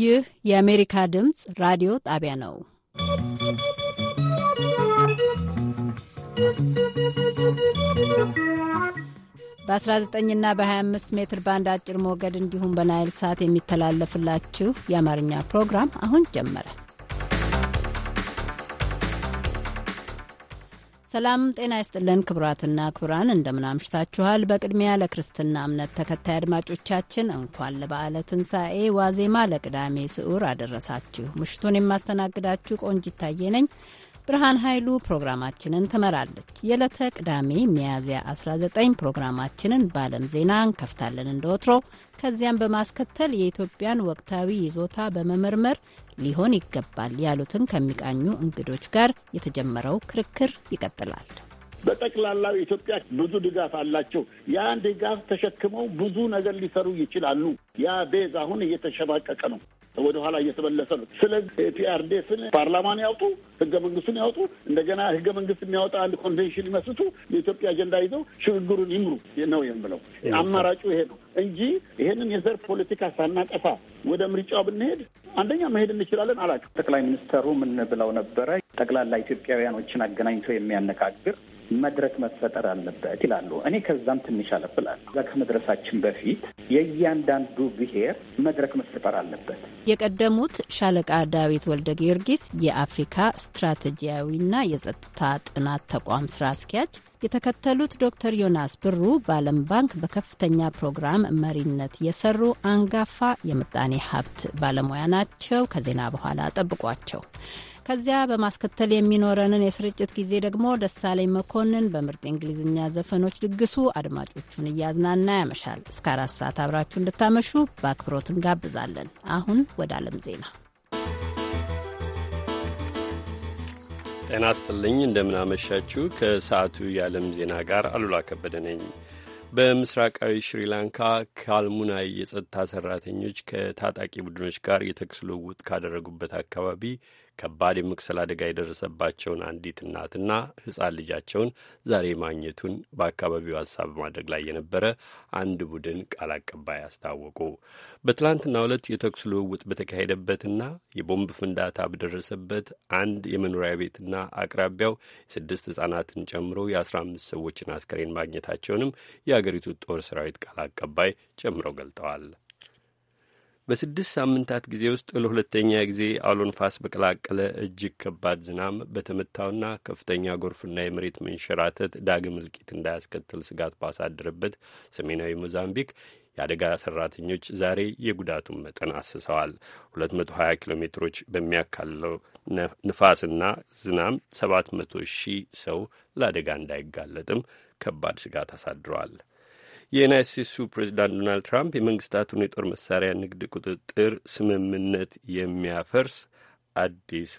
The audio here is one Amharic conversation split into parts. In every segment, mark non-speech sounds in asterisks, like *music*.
ይህ የአሜሪካ ድምፅ ራዲዮ ጣቢያ ነው። በ19ና በ25 ሜትር ባንድ አጭር ሞገድ እንዲሁም በናይል ሳት የሚተላለፍላችሁ የአማርኛ ፕሮግራም አሁን ጀመረ። ሰላም ጤና ይስጥልን ክቡራትና ክቡራን፣ እንደምናምሽታችኋል። በቅድሚያ ለክርስትና እምነት ተከታይ አድማጮቻችን እንኳን ለበዓለ ትንሣኤ ዋዜማ ለቅዳሜ ስዑር አደረሳችሁ። ምሽቱን የማስተናግዳችሁ ቆንጅ ታዬ ነኝ። ብርሃን ኃይሉ ፕሮግራማችንን ትመራለች። የዕለተ ቅዳሜ ሚያዝያ 19 ፕሮግራማችንን በዓለም ዜና እንከፍታለን እንደ ወትሮ። ከዚያም በማስከተል የኢትዮጵያን ወቅታዊ ይዞታ በመመርመር ሊሆን ይገባል ያሉትን ከሚቃኙ እንግዶች ጋር የተጀመረው ክርክር ይቀጥላል። በጠቅላላው ኢትዮጵያ ብዙ ድጋፍ አላቸው። ያን ድጋፍ ተሸክመው ብዙ ነገር ሊሰሩ ይችላሉ። ያ ቤዝ አሁን እየተሸባቀቀ ነው፣ ወደኋላ እየተመለሰ ነው። ስለዚህ ፒአርዴስን ፓርላማን ያውጡ፣ ህገ መንግስቱን ያውጡ፣ እንደገና ህገ መንግስት የሚያወጣ አንድ ኮንቬንሽን ይመስቱ፣ የኢትዮጵያ አጀንዳ ይዘው ሽግግሩን ይምሩ ነው የምለው። አማራጩ ይሄ ነው እንጂ ይሄንን የዘር ፖለቲካ ሳናጠፋ ወደ ምርጫው ብንሄድ አንደኛ መሄድ እንችላለን አላቸው። ጠቅላይ ሚኒስተሩ ምን ብለው ነበረ? ጠቅላላ ኢትዮጵያውያኖችን አገናኝቶ የሚያነጋግር መድረክ መፈጠር አለበት ይላሉ። እኔ ከዛም ትንሽ አለፍ እላለሁ። እዛ ከመድረሳችን በፊት የእያንዳንዱ ብሔር መድረክ መፈጠር አለበት። የቀደሙት ሻለቃ ዳዊት ወልደ ጊዮርጊስ የአፍሪካ ስትራቴጂያዊና የጸጥታ ጥናት ተቋም ስራ አስኪያጅ የተከተሉት ዶክተር ዮናስ ብሩ በዓለም ባንክ በከፍተኛ ፕሮግራም መሪነት የሰሩ አንጋፋ የምጣኔ ሀብት ባለሙያ ናቸው። ከዜና በኋላ ጠብቋቸው። ከዚያ በማስከተል የሚኖረንን የስርጭት ጊዜ ደግሞ ደሳለኝ መኮንን በምርጥ እንግሊዝኛ ዘፈኖች ድግሱ አድማጮቹን እያዝናና ያመሻል። እስከ አራት ሰዓት አብራችሁ እንድታመሹ በአክብሮት እንጋብዛለን። አሁን ወደ ዓለም ዜና ጤና ስጥልኝ። እንደምናመሻችሁ። ከሰዓቱ የዓለም ዜና ጋር አሉላ ከበደ ነኝ። በምስራቃዊ ሽሪላንካ ካልሙናይ የጸጥታ ሰራተኞች ከታጣቂ ቡድኖች ጋር የተኩስ ልውውጥ ካደረጉበት አካባቢ ከባድ የመቅሰል አደጋ የደረሰባቸውን አንዲት እናትና ሕፃን ልጃቸውን ዛሬ ማግኘቱን በአካባቢው ሀሳብ በማድረግ ላይ የነበረ አንድ ቡድን ቃል አቀባይ አስታወቁ። በትላንትናው ዕለት የተኩስ ልውውጥ በተካሄደበትና የቦምብ ፍንዳታ በደረሰበት አንድ የመኖሪያ ቤትና አቅራቢያው የስድስት ሕጻናትን ጨምሮ የአስራ አምስት ሰዎችን አስከሬን ማግኘታቸውንም የአገሪቱ ጦር ሰራዊት ቃል አቀባይ ጨምረው ገልጠዋል። በስድስት ሳምንታት ጊዜ ውስጥ ለሁለተኛ ጊዜ አውሎ ንፋስ በቀላቀለ እጅግ ከባድ ዝናብ በተመታውና ከፍተኛ ጎርፍና የመሬት መንሸራተት ዳግም እልቂት እንዳያስከትል ስጋት ባሳደረበት ሰሜናዊ ሞዛምቢክ የአደጋ ሰራተኞች ዛሬ የጉዳቱን መጠን አስሰዋል። 220 ኪሎ ሜትሮች በሚያካልለው ንፋስና ዝናብ 700 ሺህ ሰው ለአደጋ እንዳይጋለጥም ከባድ ስጋት አሳድረዋል። የዩናይት ስቴትሱ ፕሬዚዳንት ዶናልድ ትራምፕ የመንግስታቱን የጦር መሳሪያ ንግድ ቁጥጥር ስምምነት የሚያፈርስ አዲስ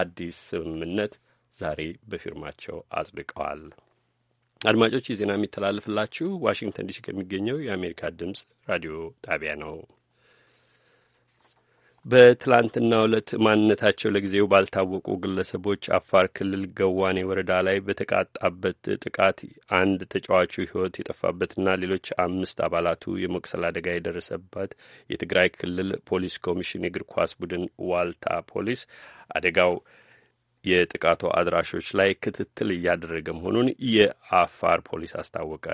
አዲስ ስምምነት ዛሬ በፊርማቸው አጽድቀዋል። አድማጮች፣ የዜና የሚተላለፍላችሁ ዋሽንግተን ዲሲ ከሚገኘው የአሜሪካ ድምፅ ራዲዮ ጣቢያ ነው። በትላንትና ዕለት ማንነታቸው ለጊዜው ባልታወቁ ግለሰቦች አፋር ክልል ገዋኔ ወረዳ ላይ በተቃጣበት ጥቃት አንድ ተጫዋቹ ሕይወት የጠፋበትና ሌሎች አምስት አባላቱ የመቁሰል አደጋ የደረሰበት የትግራይ ክልል ፖሊስ ኮሚሽን የእግር ኳስ ቡድን ዋልታ ፖሊስ አደጋው የጥቃቱ አድራሾች ላይ ክትትል እያደረገ መሆኑን የአፋር ፖሊስ አስታወቀ።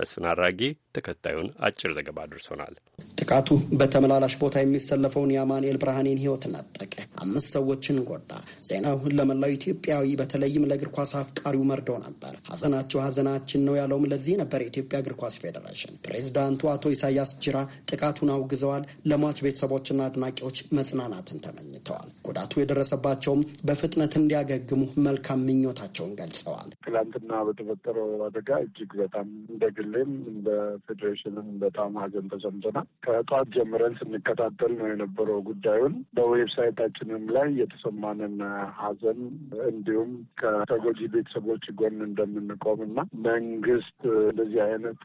መስፍን አራጌ ተከታዩን አጭር ዘገባ አድርሶናል። ጥቃቱ በተመላላሽ ቦታ የሚሰለፈውን የአማንኤል ብርሃኔን ህይወት ነጠቀ፣ አምስት ሰዎችን ጎዳ። ዜናው ለመላው ኢትዮጵያዊ በተለይም ለእግር ኳስ አፍቃሪው መርዶ ነበር። ሀዘናቸው ሀዘናችን ነው ያለውም ለዚህ ነበር። የኢትዮጵያ እግር ኳስ ፌዴሬሽን ፕሬዚዳንቱ አቶ ኢሳያስ ጅራ ጥቃቱን አውግዘዋል። ለሟች ቤተሰቦችና አድናቂዎች መጽናናትን ተመኝተዋል። ጉዳቱ የደረሰባቸውም በፍጥነት እንዲያገግሙ መልካም ምኞታቸውን ገልጸዋል። ትላንትና በተፈጠረው አደጋ እጅግ በጣም እንደግሌም እንደ ፌዴሬሽንን በጣም ሀዘን ተሰምተናል። ከጠዋት ጀምረን ስንከታተል ነው የነበረው ጉዳዩን። በዌብሳይታችንም ላይ የተሰማንን ሀዘን እንዲሁም ከተጎጂ ቤተሰቦች ጎን እንደምንቆም እና መንግስት እንደዚህ አይነት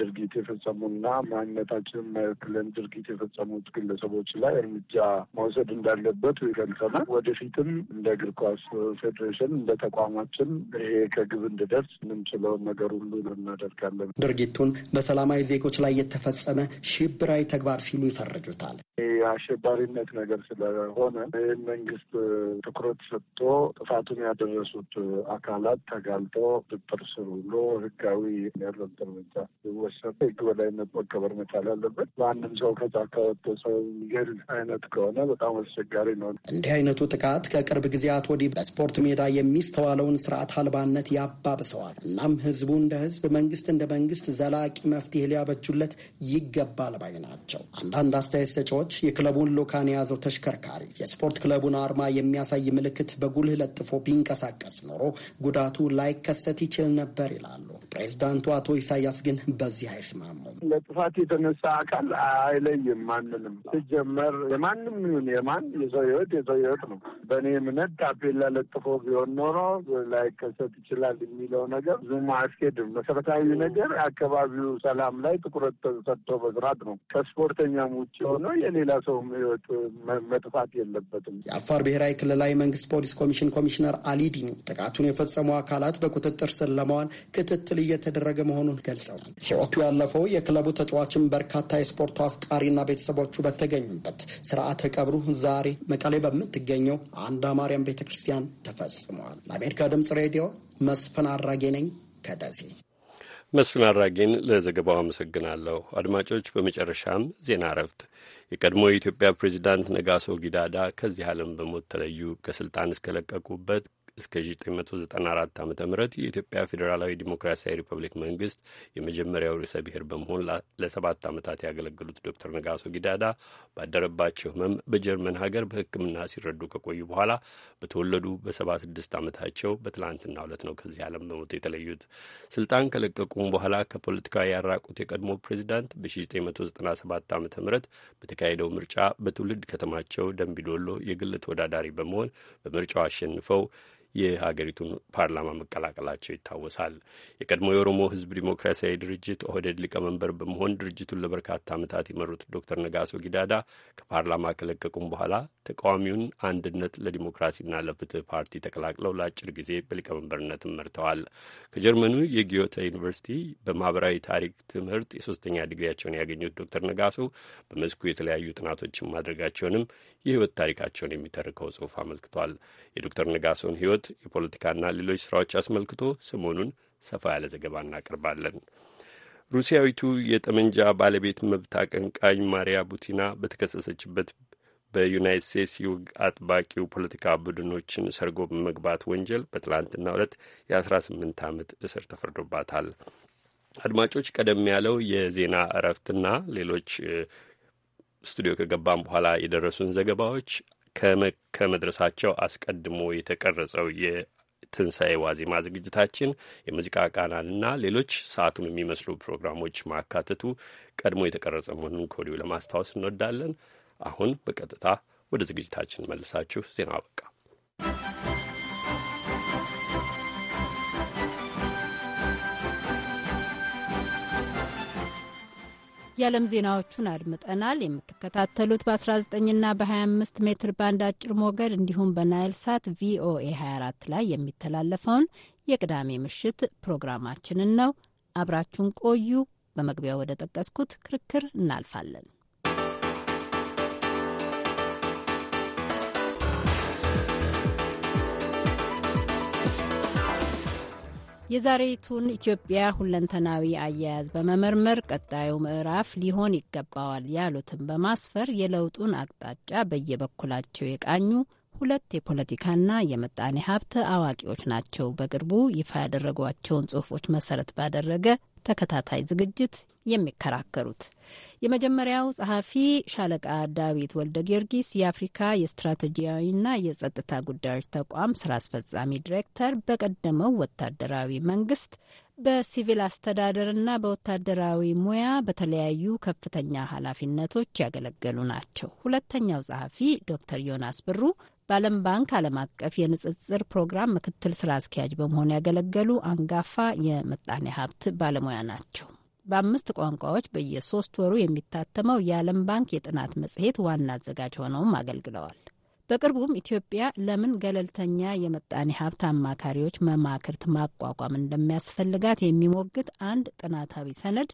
ድርጊት የፈጸሙና ማንነታችንን መክለን ድርጊት የፈጸሙት ግለሰቦች ላይ እርምጃ መውሰድ እንዳለበት ይገልጸናል። ወደፊትም እንደ እግር ኳስ ፌዴሬሽን እንደ ተቋማችን ይሄ ከግብ እንድደርስ የምንችለውን ነገር ሁሉ እናደርጋለን። ድርጊቱን በሰላማዊ ዜጎች ላይ የተፈጸመ ሽብራዊ ተግባር ሲሉ ይፈርጁታል። የአሸባሪነት ነገር ስለሆነ ይህን መንግስት ትኩረት ሰጥቶ ጥፋቱን ያደረሱት አካላት ተጋልጦ ቁጥጥር ስር ውሎ ህጋዊ ያለበት እርምጃ ሊወሰድ ህግ በላይነት መከበር መቻል ያለበት በአንድም ሰው ከጫካ ወጥቶ ሰው ገል አይነት ከሆነ በጣም አስቸጋሪ ነው። እንዲህ አይነቱ ጥቃት ከቅርብ ጊዜያት ወዲህ በስፖርት ሜዳ የሚስተዋለውን ስርዓት አልባነት ያባብሰዋል። እናም ህዝቡ እንደ ህዝብ፣ መንግስት እንደ መንግስት ዘላቂ መፍትሄ ሊያበጁለት ይገባል ባይ ናቸው። አንዳንድ አስተያየት ሰጫዎች የክለቡን ሎካን የያዘው ተሽከርካሪ የስፖርት ክለቡን አርማ የሚያሳይ ምልክት በጉልህ ለጥፎ ቢንቀሳቀስ ኖሮ ጉዳቱ ላይከሰት ይችል ነበር ይላሉ። ፕሬዚዳንቱ አቶ ኢሳያስ ግን በዚህ አይስማሙም። ለጥፋት የተነሳ አካል አይለይም ማንንም። ሲጀመር የማንም ይሁን የማን የሰው ህይወት የሰው ህይወት ነው። በእኔ እምነት ታፔላ ለጥፎ ቢሆን ኖሮ ላይከሰት ይችላል የሚለው ነገር ብዙም አያስኬድም። መሰረታዊ ነገር አካባቢው ሰላም ላይ ትኩረት ተሰጥቶ መስራት ነው። ከስፖርተኛም ውጭ ሆኖ የሌላ ሰው ህይወት መጥፋት የለበትም። የአፋር ብሔራዊ ክልላዊ መንግስት ፖሊስ ኮሚሽን ኮሚሽነር አሊዲን ጥቃቱን የፈጸሙ አካላት በቁጥጥር ስር ለመዋል ክትትል እየተደረገ መሆኑን ገልጸው ህይወቱ ያለፈው የክለቡ ተጫዋችን በርካታ የስፖርቱ አፍቃሪና ቤተሰቦቹ በተገኙበት ስርዓተ ቀብሩ ዛሬ መቀሌ በምትገኘው አንድ አማርያም ቤተ ክርስቲያን ለአሜሪካ ድምጽ ሬዲዮ መስፍን አራጌ ነኝ ከደሴ። መስፍን አድራጌን ለዘገባው አመሰግናለሁ። አድማጮች፣ በመጨረሻም ዜና እረፍት የቀድሞ የኢትዮጵያ ፕሬዚዳንት ነጋሶ ጊዳዳ ከዚህ ዓለም በሞት ተለዩ። ከስልጣን እስከለቀቁበት እስከ 1994 ዓ ም የኢትዮጵያ ፌዴራላዊ ዲሞክራሲያዊ ሪፐብሊክ መንግስት የመጀመሪያው ርዕሰ ብሔር በመሆን ለሰባት ዓመታት ያገለገሉት ዶክተር ነጋሶ ጊዳዳ ባደረባቸው ህመም በጀርመን ሀገር በሕክምና ሲረዱ ከቆዩ በኋላ በተወለዱ በ76 ዓመታቸው በትላንትና ዕለት ነው ከዚህ ዓለም በሞት የተለዩት። ስልጣን ከለቀቁም በኋላ ከፖለቲካዊ ያራቁት የቀድሞ ፕሬዚዳንት በ1997 ዓ ም በተካሄደው ምርጫ በትውልድ ከተማቸው ደንቢዶሎ የግል ተወዳዳሪ በመሆን በምርጫው አሸንፈው የሀገሪቱን ፓርላማ መቀላቀላቸው ይታወሳል። የቀድሞ የኦሮሞ ህዝብ ዲሞክራሲያዊ ድርጅት ኦህዴድ ሊቀመንበር በመሆን ድርጅቱን ለበርካታ ዓመታት የመሩት ዶክተር ነጋሶ ጊዳዳ ከፓርላማ ከለቀቁም በኋላ ተቃዋሚውን አንድነት ለዲሞክራሲና ለፍትህ ፓርቲ ተቀላቅለው ለአጭር ጊዜ በሊቀመንበርነትም መርተዋል። ከጀርመኑ የጊዮተ ዩኒቨርሲቲ በማህበራዊ ታሪክ ትምህርት የሶስተኛ ዲግሪያቸውን ያገኙት ዶክተር ነጋሶ በመስኩ የተለያዩ ጥናቶችን ማድረጋቸውንም የህይወት ታሪካቸውን የሚተርከው ጽሁፍ አመልክቷል። የዶክተር ነጋሶን ህይወት የመሳሰሉት የፖለቲካና ሌሎች ስራዎች አስመልክቶ ሰሞኑን ሰፋ ያለ ዘገባ እናቀርባለን። ሩሲያዊቱ የጠመንጃ ባለቤት መብት አቀንቃኝ ማሪያ ቡቲና በተከሰሰችበት በዩናይት ስቴትስ የውግ አጥባቂው ፖለቲካ ቡድኖችን ሰርጎ በመግባት ወንጀል በትላንትና ዕለት የ18 ዓመት እስር ተፈርዶባታል። አድማጮች፣ ቀደም ያለው የዜና እረፍትና ሌሎች ስቱዲዮ ከገባም በኋላ የደረሱን ዘገባዎች ከመድረሳቸው አስቀድሞ የተቀረጸው የትንሣኤ ዋዜማ ዝግጅታችን የሙዚቃ ቃናንና ሌሎች ሰዓቱን የሚመስሉ ፕሮግራሞች ማካተቱ ቀድሞ የተቀረጸ መሆኑን ከወዲሁ ለማስታወስ እንወዳለን። አሁን በቀጥታ ወደ ዝግጅታችን መልሳችሁ ዜና አበቃ። የዓለም ዜናዎቹን አድምጠናል። የምትከታተሉት በ19ና በ25 ሜትር ባንድ አጭር ሞገድ እንዲሁም በናይል ሳት ቪኦኤ 24 ላይ የሚተላለፈውን የቅዳሜ ምሽት ፕሮግራማችንን ነው። አብራችሁን ቆዩ። በመግቢያው ወደ ጠቀስኩት ክርክር እናልፋለን። የዛሬቱን ኢትዮጵያ ሁለንተናዊ አያያዝ በመመርመር ቀጣዩ ምዕራፍ ሊሆን ይገባዋል ያሉትን በማስፈር የለውጡን አቅጣጫ በየበኩላቸው የቃኙ ሁለት የፖለቲካና የምጣኔ ሀብት አዋቂዎች ናቸው። በቅርቡ ይፋ ያደረጓቸውን ጽሁፎች መሰረት ባደረገ ተከታታይ ዝግጅት የሚከራከሩት የመጀመሪያው ጸሐፊ ሻለቃ ዳዊት ወልደ ጊዮርጊስ የአፍሪካ የስትራቴጂያዊና የጸጥታ ጉዳዮች ተቋም ስራ አስፈጻሚ ዲሬክተር፣ በቀደመው ወታደራዊ መንግስት በሲቪል አስተዳደርና በወታደራዊ ሙያ በተለያዩ ከፍተኛ ኃላፊነቶች ያገለገሉ ናቸው። ሁለተኛው ጸሐፊ ዶክተር ዮናስ ብሩ በዓለም ባንክ ዓለም አቀፍ የንጽጽር ፕሮግራም ምክትል ስራ አስኪያጅ በመሆን ያገለገሉ አንጋፋ የምጣኔ ሀብት ባለሙያ ናቸው። በአምስት ቋንቋዎች በየሶስት ወሩ የሚታተመው የዓለም ባንክ የጥናት መጽሔት ዋና አዘጋጅ ሆነውም አገልግለዋል። በቅርቡም ኢትዮጵያ ለምን ገለልተኛ የምጣኔ ሀብት አማካሪዎች መማክርት ማቋቋም እንደሚያስፈልጋት የሚሞግት አንድ ጥናታዊ ሰነድ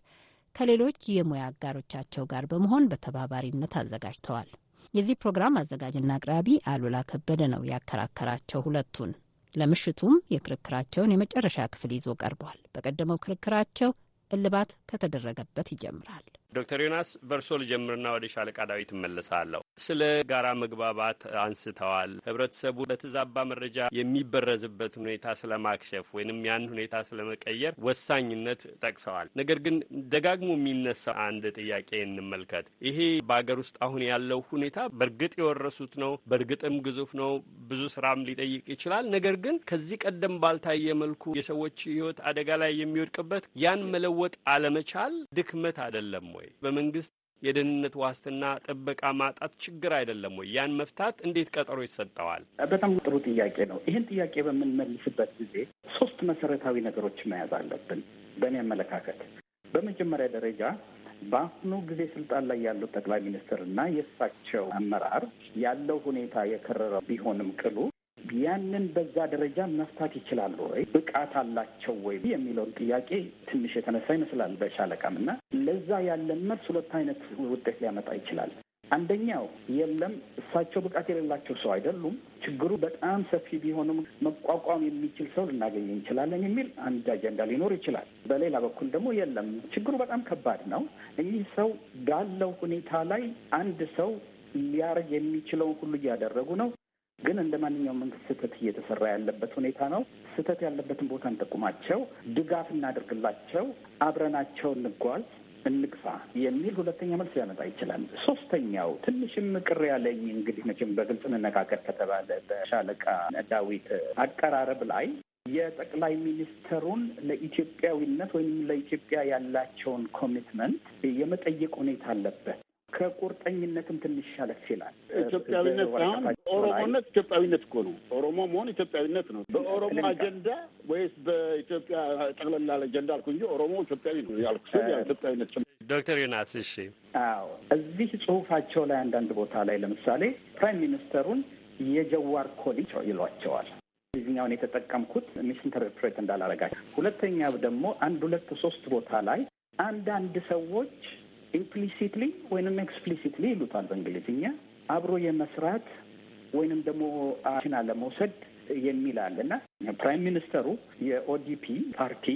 ከሌሎች የሙያ አጋሮቻቸው ጋር በመሆን በተባባሪነት አዘጋጅተዋል። የዚህ ፕሮግራም አዘጋጅና አቅራቢ አሉላ ከበደ ነው ያከራከራቸው ሁለቱን። ለምሽቱም የክርክራቸውን የመጨረሻ ክፍል ይዞ ቀርቧል። በቀደመው ክርክራቸው እልባት ከተደረገበት ይጀምራል። ዶክተር ዮናስ በእርሶ ልጀምርና ወደ ሻለቃ ዳዊት እመለሳለሁ። ስለ ጋራ መግባባት አንስተዋል። ህብረተሰቡ በተዛባ መረጃ የሚበረዝበት ሁኔታ ስለ ማክሸፍ ወይንም ያን ሁኔታ ስለ መቀየር ወሳኝነት ጠቅሰዋል። ነገር ግን ደጋግሞ የሚነሳ አንድ ጥያቄ እንመልከት። ይሄ በሀገር ውስጥ አሁን ያለው ሁኔታ በእርግጥ የወረሱት ነው፣ በእርግጥም ግዙፍ ነው፣ ብዙ ስራም ሊጠይቅ ይችላል። ነገር ግን ከዚህ ቀደም ባልታየ መልኩ የሰዎች ህይወት አደጋ ላይ የሚወድቅበት ያን መለወጥ አለመቻል ድክመት አይደለም ወይ? በመንግስት የደህንነት ዋስትና ጥበቃ ማጣት ችግር አይደለም ወይ? ያን መፍታት እንዴት ቀጠሮ ይሰጠዋል? በጣም ጥሩ ጥያቄ ነው። ይህን ጥያቄ በምንመልስበት ጊዜ ሶስት መሰረታዊ ነገሮች መያዝ አለብን በእኔ አመለካከት። በመጀመሪያ ደረጃ በአሁኑ ጊዜ ስልጣን ላይ ያለው ጠቅላይ ሚኒስትር እና የእሳቸው አመራር ያለው ሁኔታ የከረረ ቢሆንም ቅሉ ያንን በዛ ደረጃ መፍታት ይችላሉ ወይ ብቃት አላቸው ወይ የሚለውን ጥያቄ ትንሽ የተነሳ ይመስላል በሻለቃም እና ለዛ ያለን መልስ ሁለት አይነት ውጤት ሊያመጣ ይችላል። አንደኛው የለም እሳቸው ብቃት የሌላቸው ሰው አይደሉም፣ ችግሩ በጣም ሰፊ ቢሆንም መቋቋም የሚችል ሰው ልናገኝ እንችላለን የሚል አንድ አጀንዳ ሊኖር ይችላል። በሌላ በኩል ደግሞ የለም ችግሩ በጣም ከባድ ነው፣ እኚህ ሰው ባለው ሁኔታ ላይ አንድ ሰው ሊያደርግ የሚችለውን ሁሉ እያደረጉ ነው ግን እንደ ማንኛውም መንግስት ስህተት እየተሰራ ያለበት ሁኔታ ነው። ስህተት ያለበትን ቦታ እንጠቁማቸው፣ ድጋፍ እናደርግላቸው፣ አብረናቸው እንጓዝ እንግፋ የሚል ሁለተኛ መልስ ሊያመጣ ይችላል። ሶስተኛው ትንሽም ቅር ያለኝ እንግዲህ መቼም በግልጽ እንነጋገር ከተባለ በሻለቃ ዳዊት አቀራረብ ላይ የጠቅላይ ሚኒስትሩን ለኢትዮጵያዊነት ወይም ለኢትዮጵያ ያላቸውን ኮሚትመንት የመጠየቅ ሁኔታ አለበት። ከቁርጠኝነትም ትንሽ ሻለፍ ይላል። ኢትዮጵያዊነት ሳይሆን ኦሮሞነት ኢትዮጵያዊነት እኮ ነው። ኦሮሞ መሆን ኢትዮጵያዊነት ነው። በኦሮሞ አጀንዳ ወይስ በኢትዮጵያ ጠቅለላ አጀንዳ አልኩ እንጂ ኦሮሞ ኢትዮጵያዊ ነው ያልኩ ኢትዮጵያዊነት። ዶክተር ዮናስ እሺ። አዎ እዚህ ጽሁፋቸው ላይ አንዳንድ ቦታ ላይ ለምሳሌ ፕራይም ሚኒስተሩን የጀዋር ኮሊ ይሏቸዋል። እንግሊዝኛውን የተጠቀምኩት ሚስ ኢንተርፕሬት እንዳላረጋቸው። ሁለተኛ ደግሞ አንድ ሁለት ሶስት ቦታ ላይ አንዳንድ ሰዎች ኢምፕሊሲትሊ ወይንም ኤክስፕሊሲትሊ ይሉታል በእንግሊዝኛ አብሮ የመስራት ወይንም ደግሞ አክሽን አለመውሰድ የሚል አለ እና ፕራይም ሚኒስተሩ የኦዲፒ ፓርቲ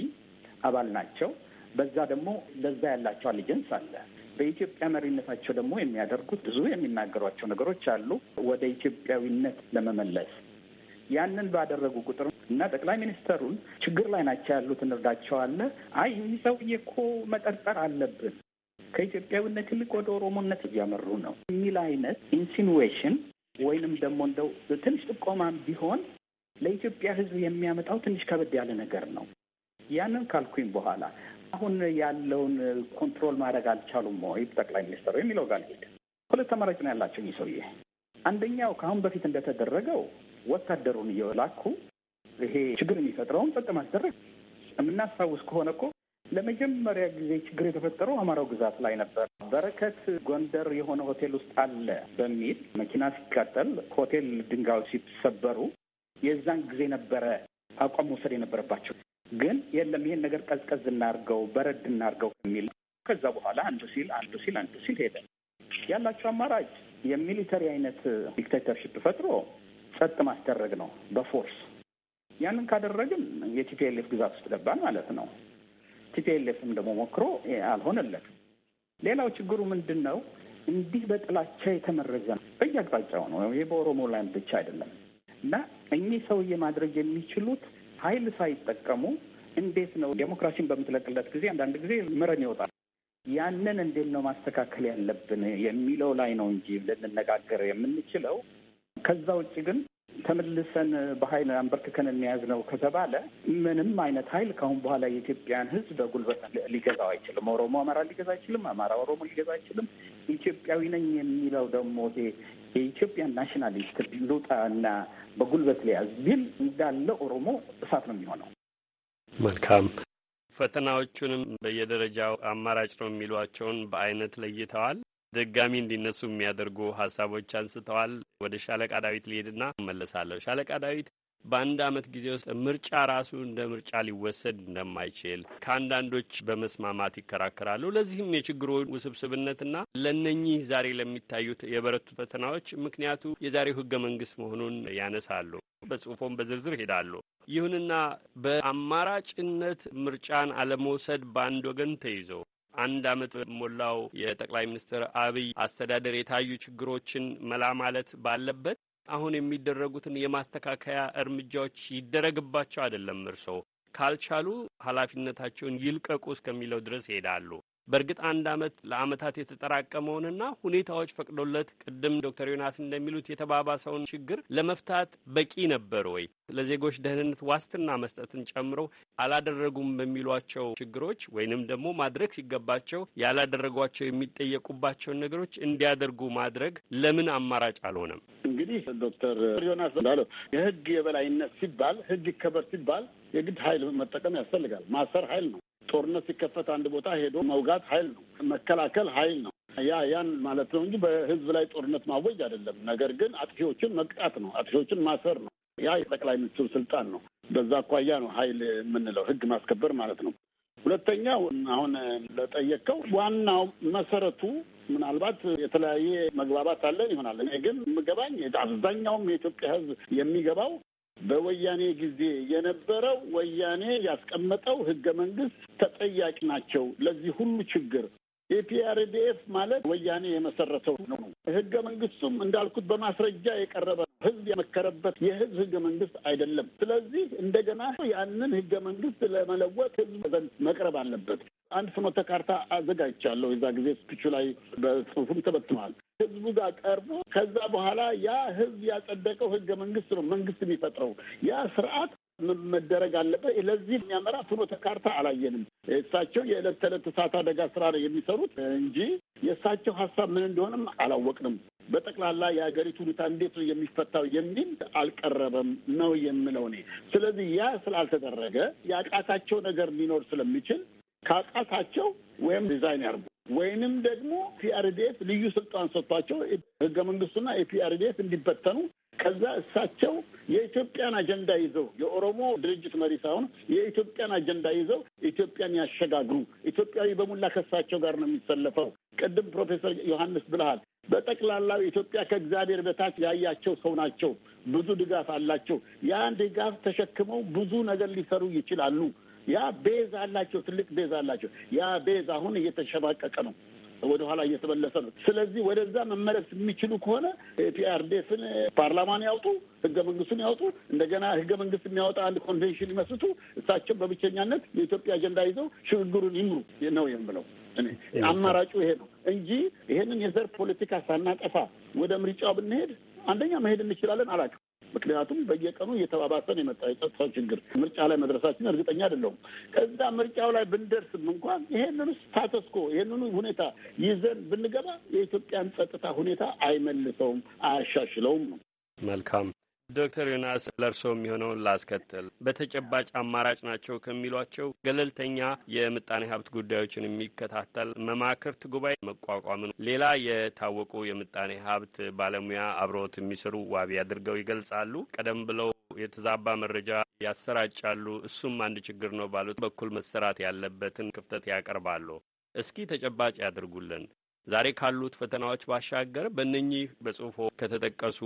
አባል ናቸው። በዛ ደግሞ ለዛ ያላቸው አሊጀንስ አለ። በኢትዮጵያ መሪነታቸው ደግሞ የሚያደርጉት ብዙ የሚናገሯቸው ነገሮች አሉ ወደ ኢትዮጵያዊነት ለመመለስ ያንን ባደረጉ ቁጥር እና ጠቅላይ ሚኒስተሩን ችግር ላይ ናቸው ያሉት እንርዳቸዋለ። አይ ይህ ሰውዬ እኮ መጠርጠር አለብን ከኢትዮጵያዊነት ይልቅ ወደ ኦሮሞነት እያመሩ ነው የሚል አይነት ኢንሲኑዌሽን ወይንም ደግሞ እንደው ትንሽ ጥቆማም ቢሆን ለኢትዮጵያ ሕዝብ የሚያመጣው ትንሽ ከበድ ያለ ነገር ነው። ያንን ካልኩኝ በኋላ አሁን ያለውን ኮንትሮል ማድረግ አልቻሉም ወይ ጠቅላይ ሚኒስትሩ የሚለው ጋር ሄድ ሁለት አማራጭ ነው ያላቸው ይህ ሰውዬ። አንደኛው ከአሁን በፊት እንደተደረገው ወታደሩን እየላኩ ይሄ ችግር የሚፈጥረውን ጸጥ ማስደረግ። የምናስታውስ ከሆነ እኮ ለመጀመሪያ ጊዜ ችግር የተፈጠረው አማራው ግዛት ላይ ነበር። በረከት ጎንደር የሆነ ሆቴል ውስጥ አለ በሚል መኪና ሲቃጠል፣ ሆቴል ድንጋዮች ሲሰበሩ የዛን ጊዜ ነበረ አቋም መውሰድ የነበረባቸው። ግን የለም ይሄን ነገር ቀዝቀዝ እናርገው፣ በረድ እናርገው የሚል ከዛ በኋላ አንዱ ሲል አንዱ ሲል አንዱ ሲል ሄደ። ያላቸው አማራጭ የሚሊተሪ አይነት ዲክቴተርሽፕ ፈጥሮ ጸጥ ማስደረግ ነው በፎርስ። ያንን ካደረግን የቲፒኤልኤፍ ግዛት ውስጥ ገባን ማለት ነው። ቲፒኤልኤፍም ደግሞ ሞክሮ አልሆነለትም። ሌላው ችግሩ ምንድን ነው? እንዲህ በጥላቻ የተመረዘ በየአቅጣጫው ነው። ይህ በኦሮሞ ላይም ብቻ አይደለም እና እኚህ ሰውዬ ማድረግ የሚችሉት ኃይል ሳይጠቀሙ እንዴት ነው ዴሞክራሲን በምትለቅለት ጊዜ አንዳንድ ጊዜ ምረን ይወጣል። ያንን እንዴት ነው ማስተካከል ያለብን የሚለው ላይ ነው እንጂ ልንነጋገር የምንችለው። ከዛ ውጭ ግን ተመልሰን በኃይል አንበርክከን እንያዝ ነው ከተባለ ምንም አይነት ኃይል ከአሁን በኋላ የኢትዮጵያን ሕዝብ በጉልበት ሊገዛው አይችልም። ኦሮሞ አማራ ሊገዛ አይችልም። አማራ ኦሮሞ ሊገዛ አይችልም። ኢትዮጵያዊ ነኝ የሚለው ደግሞ ይሄ የኢትዮጵያን ናሽናሊስት ሉጣ እና በጉልበት ሊያዝ ቢል እንዳለ ኦሮሞ እሳት ነው የሚሆነው። መልካም ፈተናዎቹንም በየደረጃው አማራጭ ነው የሚሏቸውን በአይነት ለይተዋል። ድጋሚ እንዲነሱ የሚያደርጉ ሀሳቦች አንስተዋል። ወደ ሻለቃ ዳዊት ሊሄድና እመለሳለሁ። ሻለቃ ዳዊት በአንድ ዓመት ጊዜ ውስጥ ምርጫ ራሱ እንደ ምርጫ ሊወሰድ እንደማይችል ከአንዳንዶች በመስማማት ይከራከራሉ። ለዚህም የችግሩ ውስብስብነትና ለነኚህ ዛሬ ለሚታዩት የበረቱ ፈተናዎች ምክንያቱ የዛሬው ህገ መንግስት መሆኑን ያነሳሉ። በጽሁፎም በዝርዝር ሄዳሉ። ይሁንና በአማራጭነት ምርጫን አለመውሰድ በአንድ ወገን ተይዞ አንድ ዓመት በሞላው የጠቅላይ ሚኒስትር አብይ አስተዳደር የታዩ ችግሮችን መላ ማለት ባለበት አሁን የሚደረጉትን የማስተካከያ እርምጃዎች ይደረግባቸው አይደለም እርስዎ ካልቻሉ ኃላፊነታቸውን ይልቀቁ እስከሚለው ድረስ ይሄዳሉ። በእርግጥ አንድ አመት ለአመታት የተጠራቀመውንና ሁኔታዎች ፈቅዶለት ቅድም ዶክተር ዮናስ እንደሚሉት የተባባሰውን ችግር ለመፍታት በቂ ነበር ወይ? ለዜጎች ደህንነት ዋስትና መስጠትን ጨምሮ አላደረጉም በሚሏቸው ችግሮች ወይንም ደግሞ ማድረግ ሲገባቸው ያላደረጓቸው የሚጠየቁባቸውን ነገሮች እንዲያደርጉ ማድረግ ለምን አማራጭ አልሆነም? እንግዲህ ዶክተር ዮናስ እንዳለው የህግ የበላይነት ሲባል ህግ ይከበር ሲባል የግድ ኃይል መጠቀም ያስፈልጋል። ማሰር ኃይል ነው። ጦርነት ሲከፈት አንድ ቦታ ሄዶ መውጋት ኃይል ነው። መከላከል ኃይል ነው። ያ ያን ማለት ነው እንጂ በህዝብ ላይ ጦርነት ማወጅ አይደለም። ነገር ግን አጥፊዎችን መቅጣት ነው። አጥፊዎችን ማሰር ነው። ያ የጠቅላይ ሚኒስትሩ ስልጣን ነው። በዛ አኳያ ነው ኃይል የምንለው ህግ ማስከበር ማለት ነው። ሁለተኛው አሁን ለጠየቀው ዋናው መሰረቱ ምናልባት የተለያየ መግባባት አለን ይሆናል። እኔ ግን የምገባኝ አብዛኛውም የኢትዮጵያ ህዝብ የሚገባው በወያኔ ጊዜ የነበረው ወያኔ ያስቀመጠው ህገ መንግስት ተጠያቂ ናቸው ለዚህ ሁሉ ችግር። የፒአርዲኤፍ ማለት ወያኔ የመሰረተው ነው። ህገ መንግስቱም እንዳልኩት በማስረጃ የቀረበ ነው። ህዝብ የመከረበት የህዝብ ህገ መንግስት አይደለም። ስለዚህ እንደገና ያንን ህገ መንግስት ለመለወጥ ህዝብ ዘንድ መቅረብ አለበት። አንድ ፍኖተ ካርታ አዘጋጅቻለሁ። የዛ ጊዜ ስፒቹ ላይ በጽሁፉም ተበትመዋል። ህዝቡ ጋር ቀርቦ ከዛ በኋላ ያ ህዝብ ያጸደቀው ህገ መንግስት ነው መንግስት የሚፈጥረው ያ ስርዓት መደረግ አለበት። ለዚህ የሚያመራ ፍኖተ ካርታ አላየንም። እሳቸው የዕለት ተዕለት እሳት አደጋ ስራ ነው የሚሰሩት እንጂ የእሳቸው ሀሳብ ምን እንደሆነም አላወቅንም። በጠቅላላ የሀገሪቱ ሁኔታ እንዴት ነው የሚፈታው የሚል አልቀረበም ነው የምለው እኔ። ስለዚህ ያ ስላልተደረገ ያቃታቸው ነገር ሊኖር ስለሚችል ካቃታቸው ወይም ዲዛይን ያርጉ ወይንም ደግሞ ፒአርዲኤፍ ልዩ ስልጣን ሰጥቷቸው ህገ መንግስቱና የፒአርዲኤፍ እንዲበተኑ ከዛ እሳቸው የኢትዮጵያን አጀንዳ ይዘው የኦሮሞ ድርጅት መሪ ሳይሆን የኢትዮጵያን አጀንዳ ይዘው ኢትዮጵያን ያሸጋግሩ። ኢትዮጵያዊ በሙላ ከሳቸው ጋር ነው የሚሰለፈው። ቅድም ፕሮፌሰር ዮሐንስ ብልሃል በጠቅላላው ኢትዮጵያ ከእግዚአብሔር በታች ያያቸው ሰው ናቸው። ብዙ ድጋፍ አላቸው። ያን ድጋፍ ተሸክመው ብዙ ነገር ሊሰሩ ይችላሉ ያ ቤዝ አላቸው፣ ትልቅ ቤዝ አላቸው። ያ ቤዝ አሁን እየተሸባቀቀ ነው፣ ወደኋላ እየተመለሰ ነው። ስለዚህ ወደዛ መመለስ የሚችሉ ከሆነ ፒአርዴፍን ፓርላማን ያውጡ፣ ህገ መንግስቱን ያውጡ፣ እንደገና ህገ መንግስት የሚያወጣ አንድ ኮንቬንሽን ይመስቱ። እሳቸው በብቸኛነት የኢትዮጵያ አጀንዳ ይዘው ሽግግሩን ይምሩ ነው የምለው። አማራጩ ይሄ ነው እንጂ ይሄንን የዘር ፖለቲካ ሳናጠፋ ወደ ምርጫው ብንሄድ አንደኛ መሄድ እንችላለን። አላቸው። ምክንያቱም በየቀኑ እየተባባሰን የመጣ የጸጥታው ችግር ምርጫ ላይ መድረሳችን እርግጠኛ አይደለሁም። ከዛ ምርጫው ላይ ብንደርስም እንኳን ይሄንኑ ስታተስኮ ይሄንኑ ሁኔታ ይዘን ብንገባ የኢትዮጵያን ጸጥታ ሁኔታ አይመልሰውም፣ አያሻሽለውም ነው። መልካም ዶክተር ዮናስ ለእርሶ የሚሆነውን ላስከትል። በተጨባጭ አማራጭ ናቸው ከሚሏቸው ገለልተኛ የምጣኔ ሀብት ጉዳዮችን የሚከታተል መማክርት ጉባኤ መቋቋምን ሌላ የታወቁ የምጣኔ ሀብት ባለሙያ አብረውት የሚሰሩ ዋቢ አድርገው ይገልጻሉ። ቀደም ብለው የተዛባ መረጃ ያሰራጫሉ፣ እሱም አንድ ችግር ነው ባሉት በኩል መሰራት ያለበትን ክፍተት ያቀርባሉ። እስኪ ተጨባጭ ያድርጉልን። ዛሬ ካሉት ፈተናዎች ባሻገር በእነኚህ በጽሁፎ ከተጠቀሱ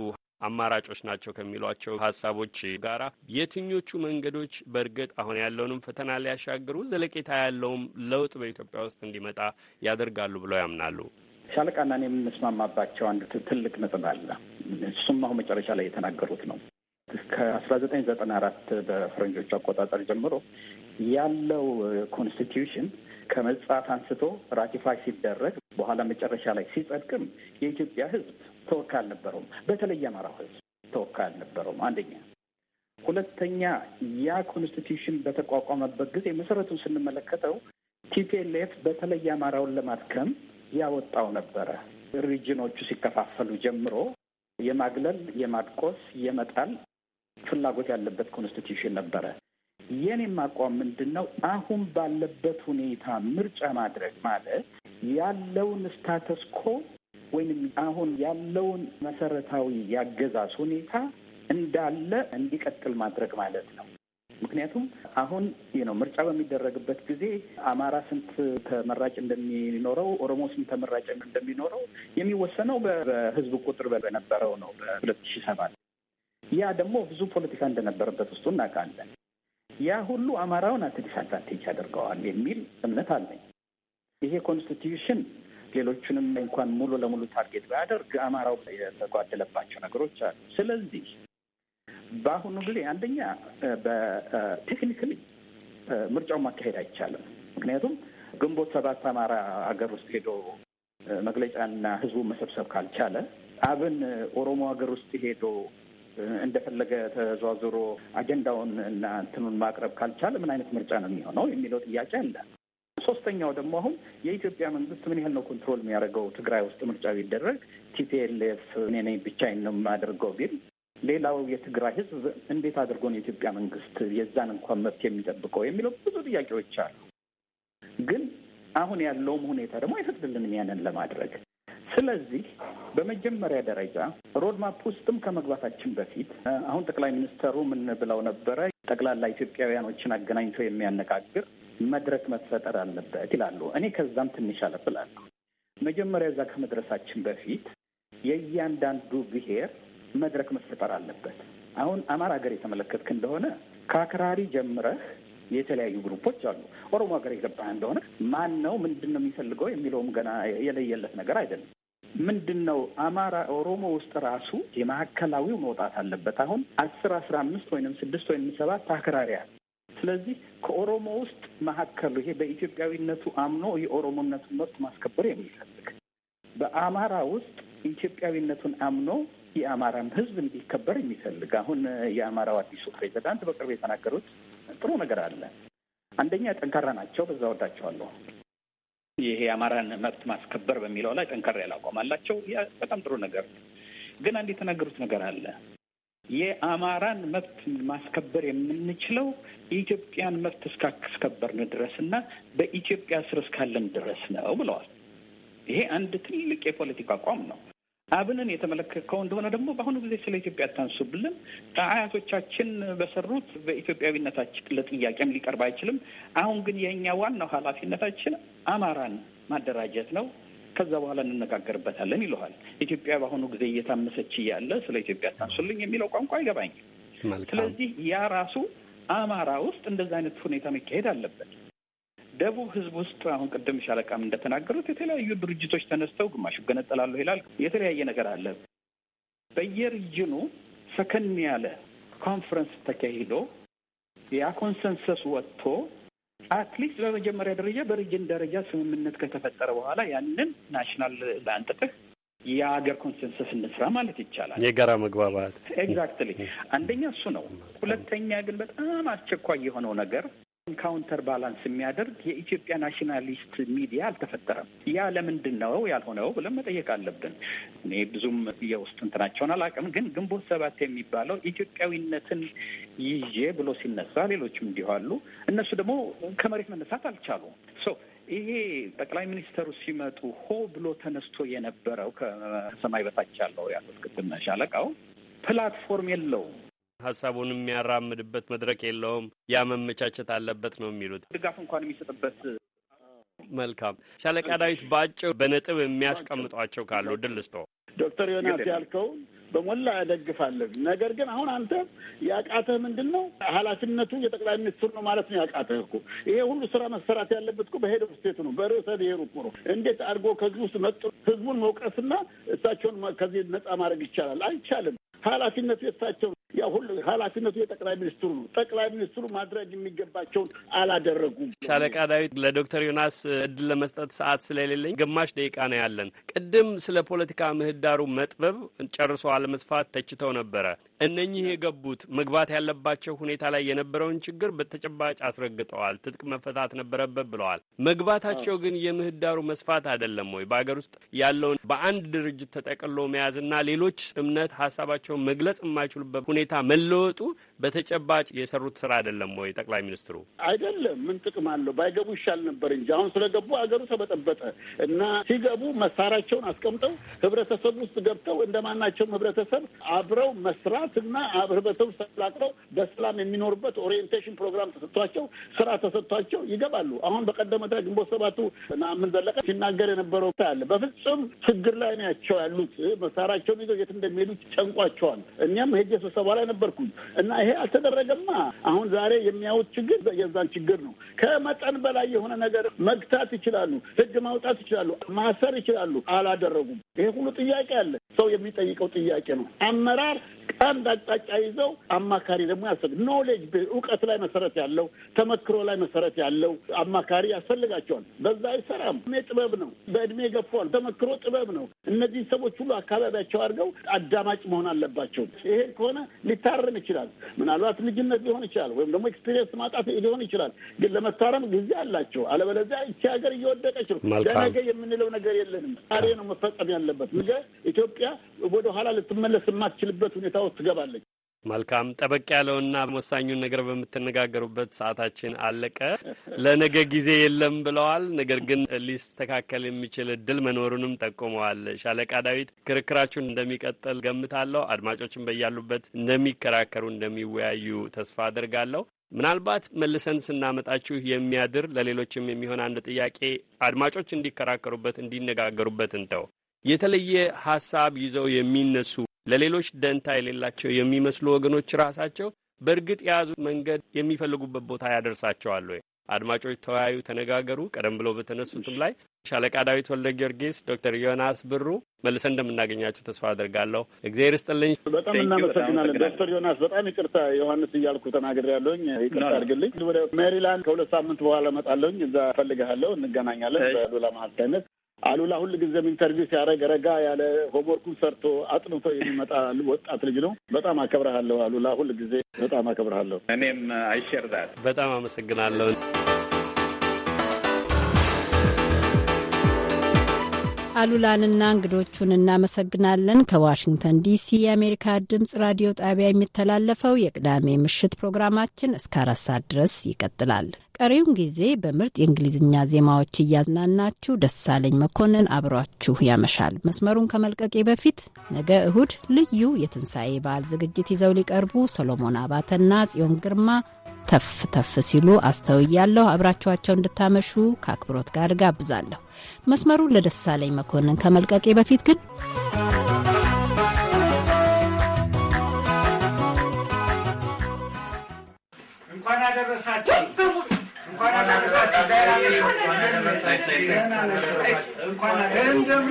አማራጮች ናቸው ከሚሏቸው ሀሳቦች ጋራ የትኞቹ መንገዶች በእርግጥ አሁን ያለውንም ፈተና ሊያሻግሩ ዘለቄታ ያለውም ለውጥ በኢትዮጵያ ውስጥ እንዲመጣ ያደርጋሉ ብለው ያምናሉ? ሻለቃና እኔ የምንስማማባቸው አንድ ትልቅ ነጥብ አለ። እሱም አሁን መጨረሻ ላይ የተናገሩት ነው። ከአስራ ዘጠኝ ዘጠና አራት በፈረንጆቹ አቆጣጠር ጀምሮ ያለው ኮንስቲትዩሽን ከመጻፍ አንስቶ ራቲፋይ ሲደረግ በኋላ መጨረሻ ላይ ሲጸድቅም የኢትዮጵያ ሕዝብ ተወካይ አልነበረውም። በተለይ የአማራው ህዝብ ተወካይ አልነበረውም። አንደኛ። ሁለተኛ ያ ኮንስቲትዩሽን በተቋቋመበት ጊዜ መሰረቱን ስንመለከተው ቲፒኤልኤፍ በተለይ አማራውን ለማድከም ያወጣው ነበረ። ሪጅኖቹ ሲከፋፈሉ ጀምሮ የማግለል፣ የማድቆስ፣ የመጣል ፍላጎት ያለበት ኮንስቲትዩሽን ነበረ። የኔም አቋም ምንድን ነው? አሁን ባለበት ሁኔታ ምርጫ ማድረግ ማለት ያለውን ስታተስኮ ወይም አሁን ያለውን መሰረታዊ ያገዛዝ ሁኔታ እንዳለ እንዲቀጥል ማድረግ ማለት ነው። ምክንያቱም አሁን ይህ ነው ምርጫ በሚደረግበት ጊዜ አማራ ስንት ተመራጭ እንደሚኖረው፣ ኦሮሞ ስንት ተመራጭ እንደሚኖረው የሚወሰነው በህዝብ ቁጥር በነበረው ነው በሁለት ሺህ ሰባት ያ ደግሞ ብዙ ፖለቲካ እንደነበረበት ውስጡ እናውቃለን። ያ ሁሉ አማራውን አትዲስ አድቫንቴጅ ያደርገዋል የሚል እምነት አለኝ። ይሄ ኮንስቲትዩሽን ሌሎቹንም እንኳን ሙሉ ለሙሉ ታርጌት ባያደርግ አማራው የተጓደለባቸው ነገሮች አሉ። ስለዚህ በአሁኑ ጊዜ አንደኛ በቴክኒክሊ ምርጫውን ማካሄድ አይቻልም። ምክንያቱም ግንቦት ሰባት አማራ ሀገር ውስጥ ሄዶ መግለጫና ህዝቡ መሰብሰብ ካልቻለ አብን ኦሮሞ ሀገር ውስጥ ሄዶ እንደፈለገ ተዘዋዝሮ አጀንዳውን እና እንትኑን ማቅረብ ካልቻለ ምን አይነት ምርጫ ነው የሚሆነው የሚለው ጥያቄ አለ። ሶስተኛው ደግሞ አሁን የኢትዮጵያ መንግስት ምን ያህል ነው ኮንትሮል የሚያደርገው? ትግራይ ውስጥ ምርጫ ቢደረግ ቲፒኤልኤፍ እኔ ነኝ ብቻዬን ነው የማደርገው ቢል ሌላው የትግራይ ህዝብ እንዴት አድርጎ ነው የኢትዮጵያ መንግስት የዛን እንኳን መብት የሚጠብቀው የሚለው ብዙ ጥያቄዎች አሉ። ግን አሁን ያለውም ሁኔታ ደግሞ አይፈቅድልንም ያንን ለማድረግ። ስለዚህ በመጀመሪያ ደረጃ ሮድማፕ ውስጥም ከመግባታችን በፊት አሁን ጠቅላይ ሚኒስተሩ ምን ብለው ነበረ? ጠቅላላ ኢትዮጵያውያኖችን አገናኝቶ የሚያነጋግር መድረክ መፈጠር አለበት ይላሉ። እኔ ከዛም ትንሽ አለፍ እላለሁ። መጀመሪያ እዛ ከመድረሳችን በፊት የእያንዳንዱ ብሔር መድረክ መፈጠር አለበት። አሁን አማራ ሀገር የተመለከትክ እንደሆነ ከአክራሪ ጀምረህ የተለያዩ ግሩፖች አሉ። ኦሮሞ ሀገር የገባህ እንደሆነ ማን ነው ምንድን ነው የሚፈልገው የሚለውም ገና የለየለት ነገር አይደለም። ምንድን ነው አማራ ኦሮሞ ውስጥ ራሱ የማዕከላዊው መውጣት አለበት። አሁን አስር አስራ አምስት ወይንም ስድስት ወይንም ሰባት አክራሪ ስለዚህ ከኦሮሞ ውስጥ መካከሉ ይሄ በኢትዮጵያዊነቱ አምኖ የኦሮሞነቱን መብት ማስከበር የሚፈልግ በአማራ ውስጥ ኢትዮጵያዊነቱን አምኖ የአማራን ሕዝብ እንዲከበር የሚፈልግ አሁን የአማራው አዲሱ ፕሬዚዳንት በቅርብ የተናገሩት ጥሩ ነገር አለ። አንደኛ ጠንካራ ናቸው፣ በዛ ወዳቸዋለሁ። ይሄ የአማራን መብት ማስከበር በሚለው ላይ ጠንካራ ያላቋም አላቸው። በጣም ጥሩ ነገር ግን አንድ የተናገሩት ነገር አለ የአማራን መብት ማስከበር የምንችለው የኢትዮጵያን መብት እስካስከበርን ድረስ እና በኢትዮጵያ ስር እስካለን ድረስ ነው ብለዋል። ይሄ አንድ ትልቅ የፖለቲካ አቋም ነው። አብንን የተመለከከው እንደሆነ ደግሞ በአሁኑ ጊዜ ስለ ኢትዮጵያ አታንሱብልን። አያቶቻችን በሰሩት በኢትዮጵያዊነታችን ለጥያቄም ሊቀርብ አይችልም። አሁን ግን የእኛ ዋናው ኃላፊነታችን አማራን ማደራጀት ነው፣ ከዛ በኋላ እንነጋገርበታለን ይለዋል። ኢትዮጵያ በአሁኑ ጊዜ እየታመሰች እያለ ስለ ኢትዮጵያ ታንሱልኝ የሚለው ቋንቋ አይገባኝም። ስለዚህ ያ ራሱ አማራ ውስጥ እንደዛ አይነት ሁኔታ መካሄድ አለበት። ደቡብ ህዝብ ውስጥ አሁን ቅድም ሻለቃም እንደተናገሩት የተለያዩ ድርጅቶች ተነስተው ግማሹ ገነጠላሉ ይላል። የተለያየ ነገር አለ። በየሪጅኑ ሰከን ያለ ኮንፈረንስ ተካሂዶ ያ ኮንሰንሰስ ወጥቶ አትሊስት በመጀመሪያ ደረጃ በሪጅን ደረጃ ስምምነት ከተፈጠረ በኋላ ያንን ናሽናል አንጥጥህ የሀገር ኮንሰንሰስ እንስራ ማለት ይቻላል። የጋራ መግባባት ኤግዛክትሊ። አንደኛ እሱ ነው። ሁለተኛ ግን በጣም አስቸኳይ የሆነው ነገር ካውንተር ባላንስ የሚያደርግ የኢትዮጵያ ናሽናሊስት ሚዲያ አልተፈጠረም። ያ ለምንድን ነው ያልሆነው ብለን መጠየቅ አለብን። እኔ ብዙም የውስጥ እንትናቸውን አላውቅም፣ ግን ግንቦት ሰባት የሚባለው ኢትዮጵያዊነትን ይዤ ብሎ ሲነሳ፣ ሌሎችም እንዲሁ አሉ። እነሱ ደግሞ ከመሬት መነሳት አልቻሉም። ይሄ ጠቅላይ ሚኒስተሩ ሲመጡ ሆ ብሎ ተነስቶ የነበረው ከሰማይ በታች ያለው ያሉት ቅድም ሻለቃው ፕላትፎርም የለውም። ሀሳቡን የሚያራምድበት መድረክ የለውም፣ ያ መመቻቸት አለበት ነው የሚሉት። ድጋፍ እንኳን የሚሰጥበት መልካም ሻለቃ ዳዊት በአጭር በነጥብ የሚያስቀምጧቸው ካሉ ድል ስቶ ዶክተር ዮናስ ያልከው በሞላ እደግፋለሁ። ነገር ግን አሁን አንተ ያቃተህ ምንድን ነው? ኃላፊነቱ የጠቅላይ ሚኒስትሩ ነው ማለት ነው ያቃተህ እኮ። ይሄ ሁሉ ስራ መሰራት ያለበት እኮ በሄደ ውስቴት ነው፣ በርዕሰ ብሔሩ እኮ ነው። እንዴት አድርጎ ከዚህ ውስጥ መጡ ህዝቡን መውቀስና እሳቸውን ከዚህ ነጻ ማድረግ ይቻላል? አይቻልም። ኃላፊነቱ የሳቸው ያ ሁሉ ኃላፊነቱ የጠቅላይ ሚኒስትሩ ነው። ጠቅላይ ሚኒስትሩ ማድረግ የሚገባቸውን አላደረጉም። ሻለቃ ዳዊት፣ ለዶክተር ዮናስ እድል ለመስጠት ሰዓት ስለሌለኝ ግማሽ ደቂቃ ነው ያለን። ቅድም ስለ ፖለቲካ ምህዳሩ መጥበብ ጨርሶ አለመስፋት ተችተው ነበረ። እነኚህ የገቡት መግባት ያለባቸው ሁኔታ ላይ የነበረውን ችግር በተጨባጭ አስረግጠዋል። ትጥቅ መፈታት ነበረበት ብለዋል። መግባታቸው ግን የምህዳሩ መስፋት አይደለም ወይ? በሀገር ውስጥ ያለውን በአንድ ድርጅት ተጠቅሎ መያዝና ሌሎች እምነት ሀሳባቸው ስሜታቸውን መግለጽ የማይችሉበት ሁኔታ መለወጡ በተጨባጭ የሰሩት ስራ አይደለም ወይ? ጠቅላይ ሚኒስትሩ አይደለም። ምን ጥቅም አለው? ባይገቡ ይሻል ነበር እንጂ አሁን ስለገቡ አገሩ ተበጠበጠ እና ሲገቡ መሳሪያቸውን አስቀምጠው ህብረተሰብ ውስጥ ገብተው እንደማናቸውም ህብረተሰብ አብረው መስራት እና ህብረተሰብ ተላቅረው በሰላም የሚኖርበት ኦሪየንቴሽን ፕሮግራም ተሰጥቷቸው ስራ ተሰጥቷቸው ይገባሉ። አሁን በቀደመታ ግንቦት ሰባቱ ምን ዘለቀ ሲናገር የነበረው አለ። በፍጹም ችግር ላይ ናቸው ያሉት። መሳሪያቸውን ይዘው የት እንደሚሄዱ ጨንቋቸው ይገባቸዋል። እኛም ሄጄ ስብሰባ ላይ ነበርኩኝ እና ይሄ አልተደረገማ አሁን ዛሬ የሚያዩት ችግር የዛን ችግር ነው። ከመጠን በላይ የሆነ ነገር መግታት ይችላሉ፣ ህግ ማውጣት ይችላሉ፣ ማሰር ይችላሉ። አላደረጉም። ይሄ ሁሉ ጥያቄ አለ። ሰው የሚጠይቀው ጥያቄ ነው። አመራር አንድ አቅጣጫ ይዘው አማካሪ ደግሞ ያስፈልግ ኖሌጅ እውቀት ላይ መሰረት ያለው ተመክሮ ላይ መሰረት ያለው አማካሪ ያስፈልጋቸዋል። በዛ አይሰራም። ጥበብ ነው። በእድሜ ገፏል። ተመክሮ ጥበብ ነው። እነዚህ ሰዎች ሁሉ አካባቢያቸው አድርገው አዳማጭ መሆን አለበት። የለባቸውም። ይሄ ከሆነ ሊታረም ይችላል። ምናልባት ልጅነት ሊሆን ይችላል፣ ወይም ደግሞ ኤክስፒሪየንስ ማጣት ሊሆን ይችላል። ግን ለመታረም ጊዜ አላቸው። አለበለዚያ ይቺ ሀገር እየወደቀች ነው። ለነገ የምንለው ነገር የለንም። ዛሬ ነው መፈጸም ያለበት። ነገ ኢትዮጵያ ወደኋላ ልትመለስ የማትችልበት ሁኔታ ውስጥ ትገባለች። መልካም ጠበቅ ያለውና ወሳኙን ነገር በምትነጋገሩበት ሰዓታችን አለቀ። ለነገ ጊዜ የለም ብለዋል። ነገር ግን ሊስተካከል የሚችል እድል መኖሩንም ጠቁመዋል። ሻለቃ ዳዊት ክርክራችሁን እንደሚቀጥል ገምታለሁ። አድማጮችን በያሉበት እንደሚከራከሩ፣ እንደሚወያዩ ተስፋ አድርጋለሁ። ምናልባት መልሰን ስናመጣችሁ የሚያድር ለሌሎችም የሚሆን አንድ ጥያቄ አድማጮች እንዲከራከሩበት፣ እንዲነጋገሩበት እንተው የተለየ ሀሳብ ይዘው የሚነሱ ለሌሎች ደንታ የሌላቸው የሚመስሉ ወገኖች ራሳቸው በእርግጥ የያዙ መንገድ የሚፈልጉበት ቦታ ያደርሳቸዋል ወይ? አድማጮች ተወያዩ፣ ተነጋገሩ። ቀደም ብለው በተነሱትም ላይ ሻለቃ ዳዊት ወልደ ጊዮርጊስ፣ ዶክተር ዮናስ ብሩ መልሰን እንደምናገኛቸው ተስፋ አድርጋለሁ። እግዚአብሔር ይስጥልኝ። በጣም እናመሰግናለን ዶክተር ዮናስ። በጣም ይቅርታ ዮሐንስ እያልኩ ተናግሬ ያለውኝ ይቅርታ አድርግልኝ። ወደ ሜሪላንድ ከሁለት ሳምንት በኋላ እመጣለሁኝ። እዛ እፈልግሃለሁ፣ እንገናኛለን በሉላ መሀልታይነት አሉላ ሁል ጊዜም ኢንተርቪው ሲያደርግ ረጋ ያለ ሆምወርኩን ሰርቶ አጥንቶ የሚመጣ ወጣት ልጅ ነው። በጣም አከብረሃለሁ አሉላ፣ ሁል ጊዜ በጣም አከብረሃለሁ። እኔም አይሸርዳል በጣም አመሰግናለሁ። አሉላንና እንግዶቹን እናመሰግናለን። ከዋሽንግተን ዲሲ የአሜሪካ ድምፅ ራዲዮ ጣቢያ የሚተላለፈው የቅዳሜ ምሽት ፕሮግራማችን እስከ አራት ሰዓት ድረስ ይቀጥላል። ቀሪውን ጊዜ በምርጥ የእንግሊዝኛ ዜማዎች እያዝናናችሁ ደሳለኝ መኮንን አብሯችሁ ያመሻል። መስመሩን ከመልቀቄ በፊት ነገ እሁድ ልዩ የትንሣኤ በዓል ዝግጅት ይዘው ሊቀርቡ ሰሎሞን አባተና ጽዮን ግርማ ተፍ ተፍ ሲሉ አስተውያለሁ። አብራችኋቸው እንድታመሹ ከአክብሮት ጋር ጋብዛለሁ። መስመሩን ለደሳለኝ መኮንን ከመልቀቄ በፊት ግን እንኳን አደረሳችሁ እንኳን አደረሳችሁ እንደምን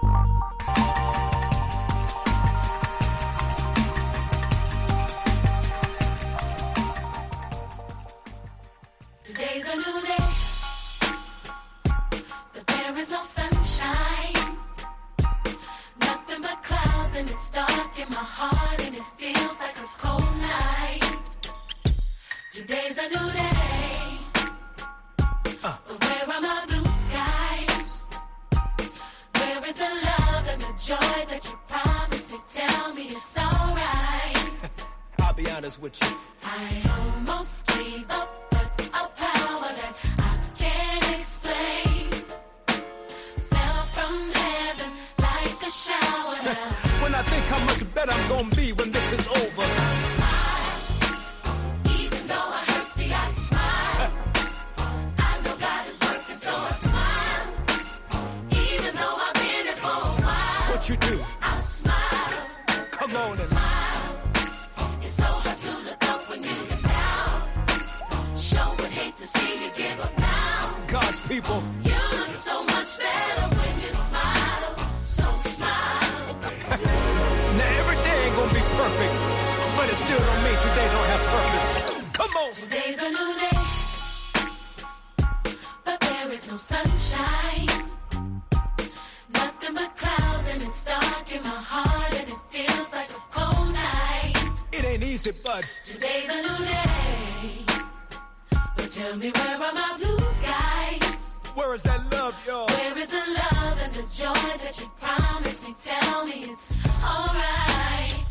Today's a new day. But there is no sunshine. Nothing but clouds, and it's dark in my heart, and it feels like a cold night. Today's a new day. But where are my blue skies? Where is the love and the joy that you promised me? Tell me it's alright. *laughs* I'll be honest with you. I almost that I'm gonna be when today don't have purpose. Come on. Today's a new day, but there is no sunshine. Nothing but clouds, and it's dark in my heart, and it feels like a cold night. It ain't easy, but today's a new day. But tell me, where are my blue skies? Where is that love, y'all? Where is the love and the joy that you promised me? Tell me it's alright.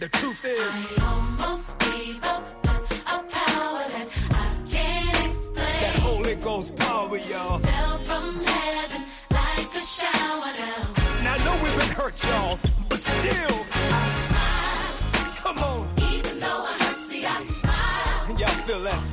The truth is, I almost gave up, a power that I can't explain. That Holy Ghost power, y'all. Fell from heaven like a shower down. Now I know we've been hurt, y'all, but still, I smile. Come on. Even though I hurt, see, I smile. Y'all feel that?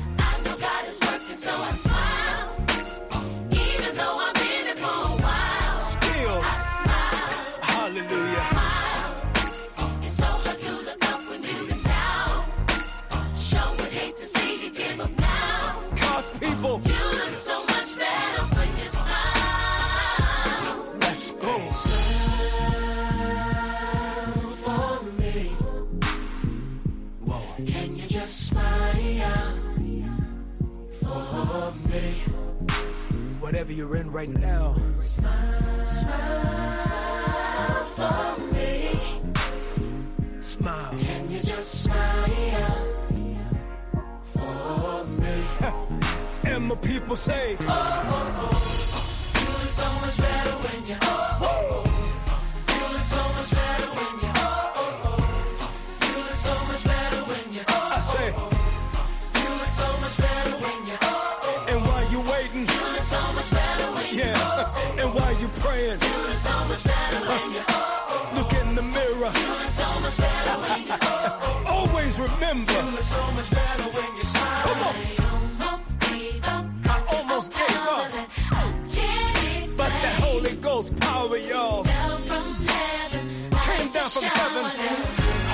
whatever you're in right now. Smile, smile for me. Smile. Can you just smile for me? *laughs* and my people say, Oh, oh, oh, oh. feeling so much better when you oh. in. Doing so much better when you oh, Look in the mirror. Doing so much better when you Always remember. Doing so much better when you smile. Come on. I almost gave up. That but the Holy Ghost power, y'all. Fell from heaven. Came down from heaven.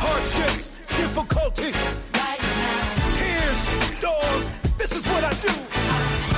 Hardships, difficulties. Right now. Tears, storms. This is what I do. I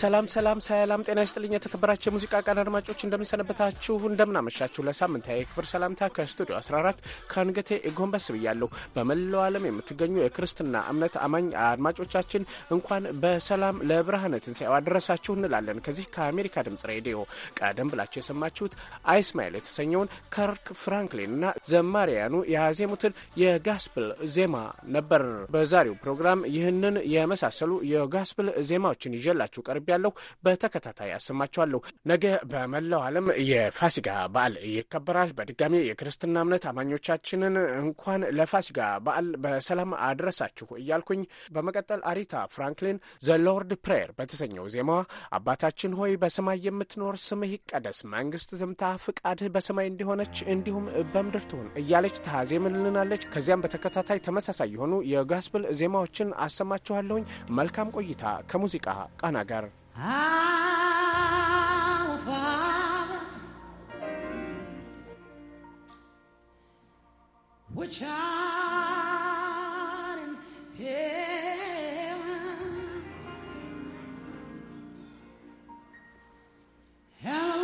ሰላም ሰላም ሰላም፣ ጤና ይስጥልኝ የተከበራቸው የሙዚቃ ቀን አድማጮች፣ እንደምንሰነበታችሁ፣ እንደምናመሻችሁ። ለሳምንታዊ የክብር ሰላምታ ከስቱዲዮ 14 ከአንገቴ ጎንበስ ብያለሁ። በመላው ዓለም የምትገኙ የክርስትና እምነት አማኝ አድማጮቻችን እንኳን በሰላም ለብርሃነ ትንሣኤው አደረሳችሁ እንላለን። ከዚህ ከአሜሪካ ድምጽ ሬዲዮ ቀደም ብላችሁ የሰማችሁት አይስማኤል የተሰኘውን ከርክ ፍራንክሊን እና ዘማሪያኑ ያዜሙትን የጋስፕል ዜማ ነበር። በዛሬው ፕሮግራም ይህንን የመሳሰሉ የጋስፕል ዜማዎችን ይዤላችሁ ቀርቤ ያለው በተከታታይ አሰማችኋለሁ። ነገ በመላው ዓለም የፋሲጋ በዓል ይከበራል። በድጋሚ የክርስትና እምነት አማኞቻችንን እንኳን ለፋሲጋ በዓል በሰላም አድረሳችሁ እያልኩኝ በመቀጠል አሪታ ፍራንክሊን ዘ ሎርድ ፕሬየር በተሰኘው ዜማዋ አባታችን ሆይ በሰማይ የምትኖር ስምህ ይቀደስ፣ መንግስት ትምታ፣ ፍቃድህ በሰማይ እንዲሆነች እንዲሁም በምድር ትሁን እያለች ታዜምልናለች። ከዚያም በተከታታይ ተመሳሳይ የሆኑ የጋስፕል ዜማዎችን አሰማችኋለሁኝ። መልካም ቆይታ ከሙዚቃ ቃና ጋር Our Father, which art in heaven, hallowed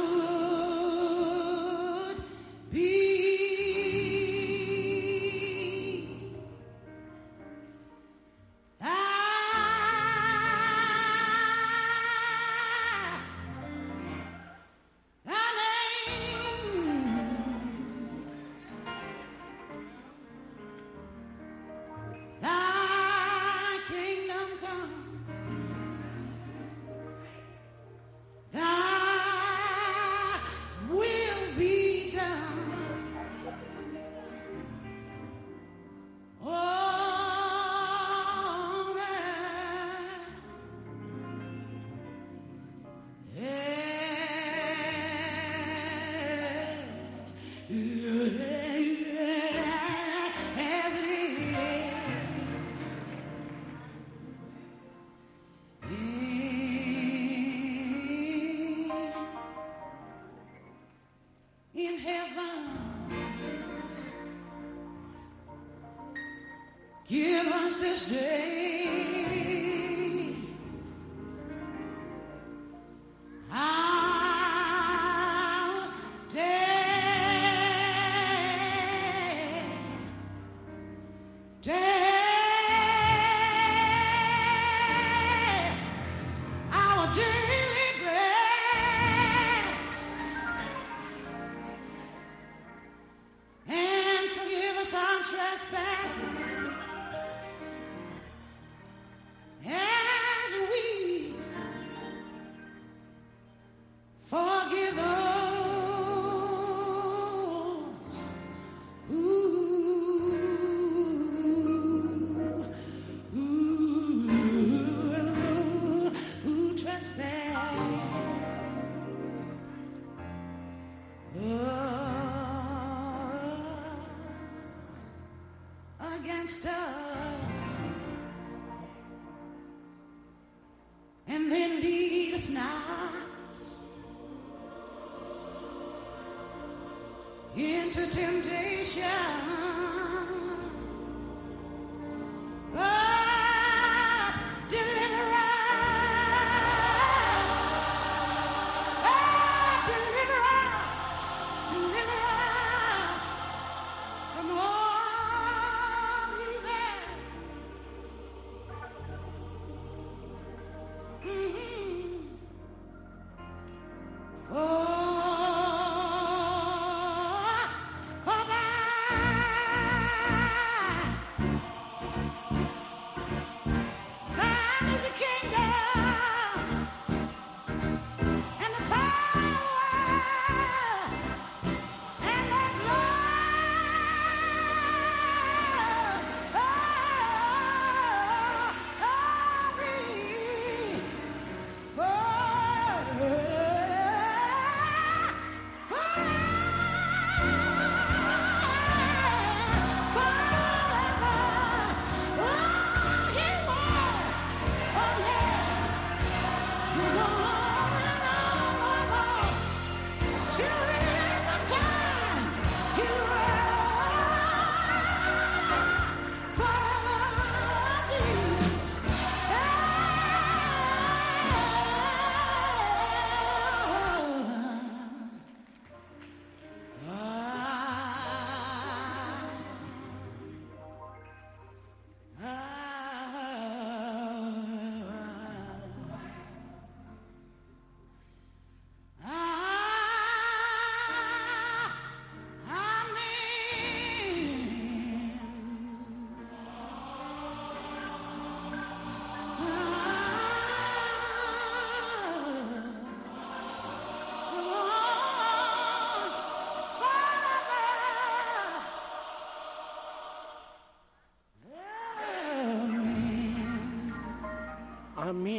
into temptation.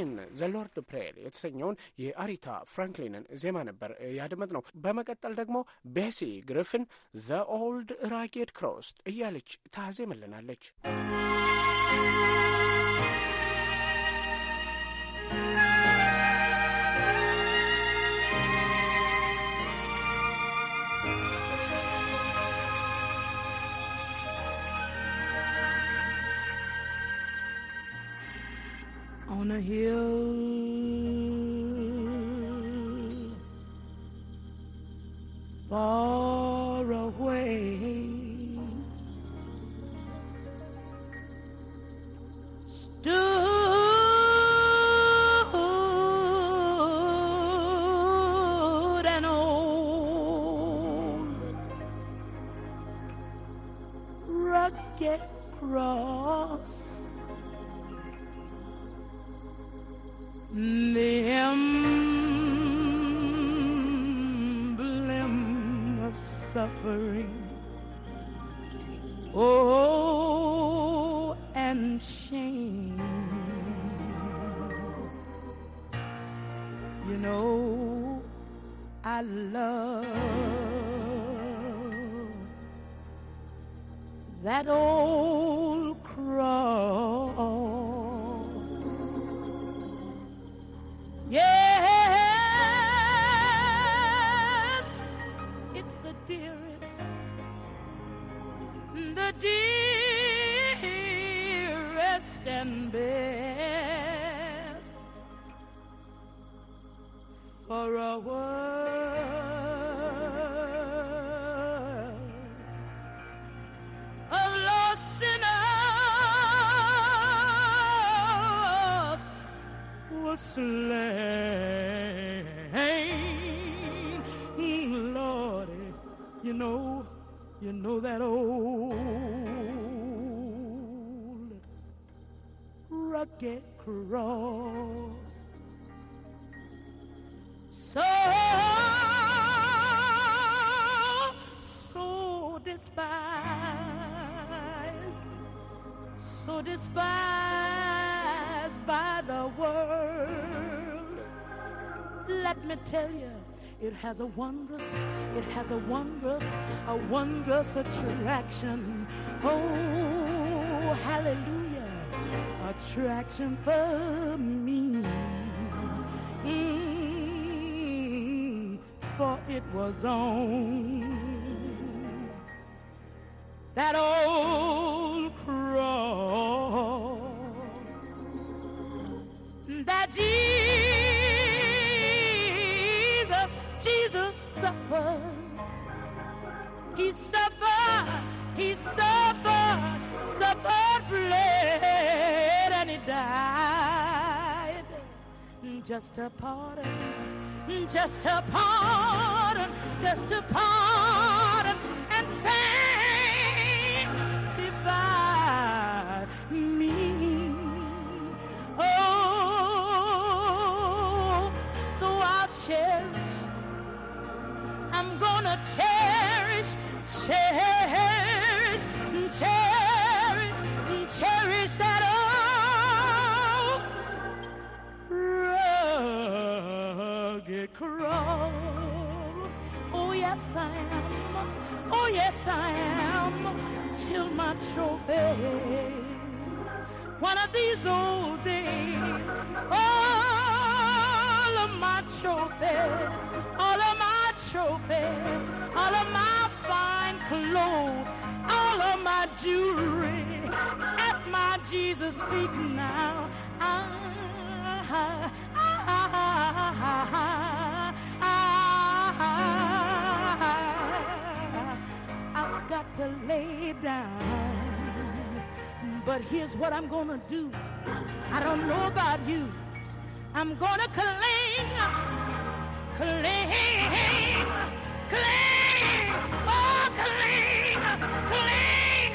ኢን ዘ ሎርድ ፕሬል የተሰኘውን የአሪታ ፍራንክሊንን ዜማ ነበር ያደመጥ ነው። በመቀጠል ደግሞ ቤሲ ግሪፍን ዘ ኦልድ ራጌድ ክሮስ እያለች ታዜምልናለች። dearest and best for a world. rose. So, so despised, so despised by the world. Let me tell you. It has a wondrous, it has a wondrous, a wondrous attraction. Oh, hallelujah attraction for me. Mm, for it was on. just a pardon, just a pardon, just a pardon, and sanctify me. Oh, so I'll cherish. I'm gonna cherish, cherish, cherish, cherish that. yes I am. Oh, yes I am. Till my trophies. One of these old days, all of my trophies, all of my trophies, all of my fine clothes, all of my jewelry at my Jesus' feet now. I, I, I, I got to lay down. But here's what I'm gonna do. I don't know about you. I'm gonna claim, claim, claim, oh, claim, claim,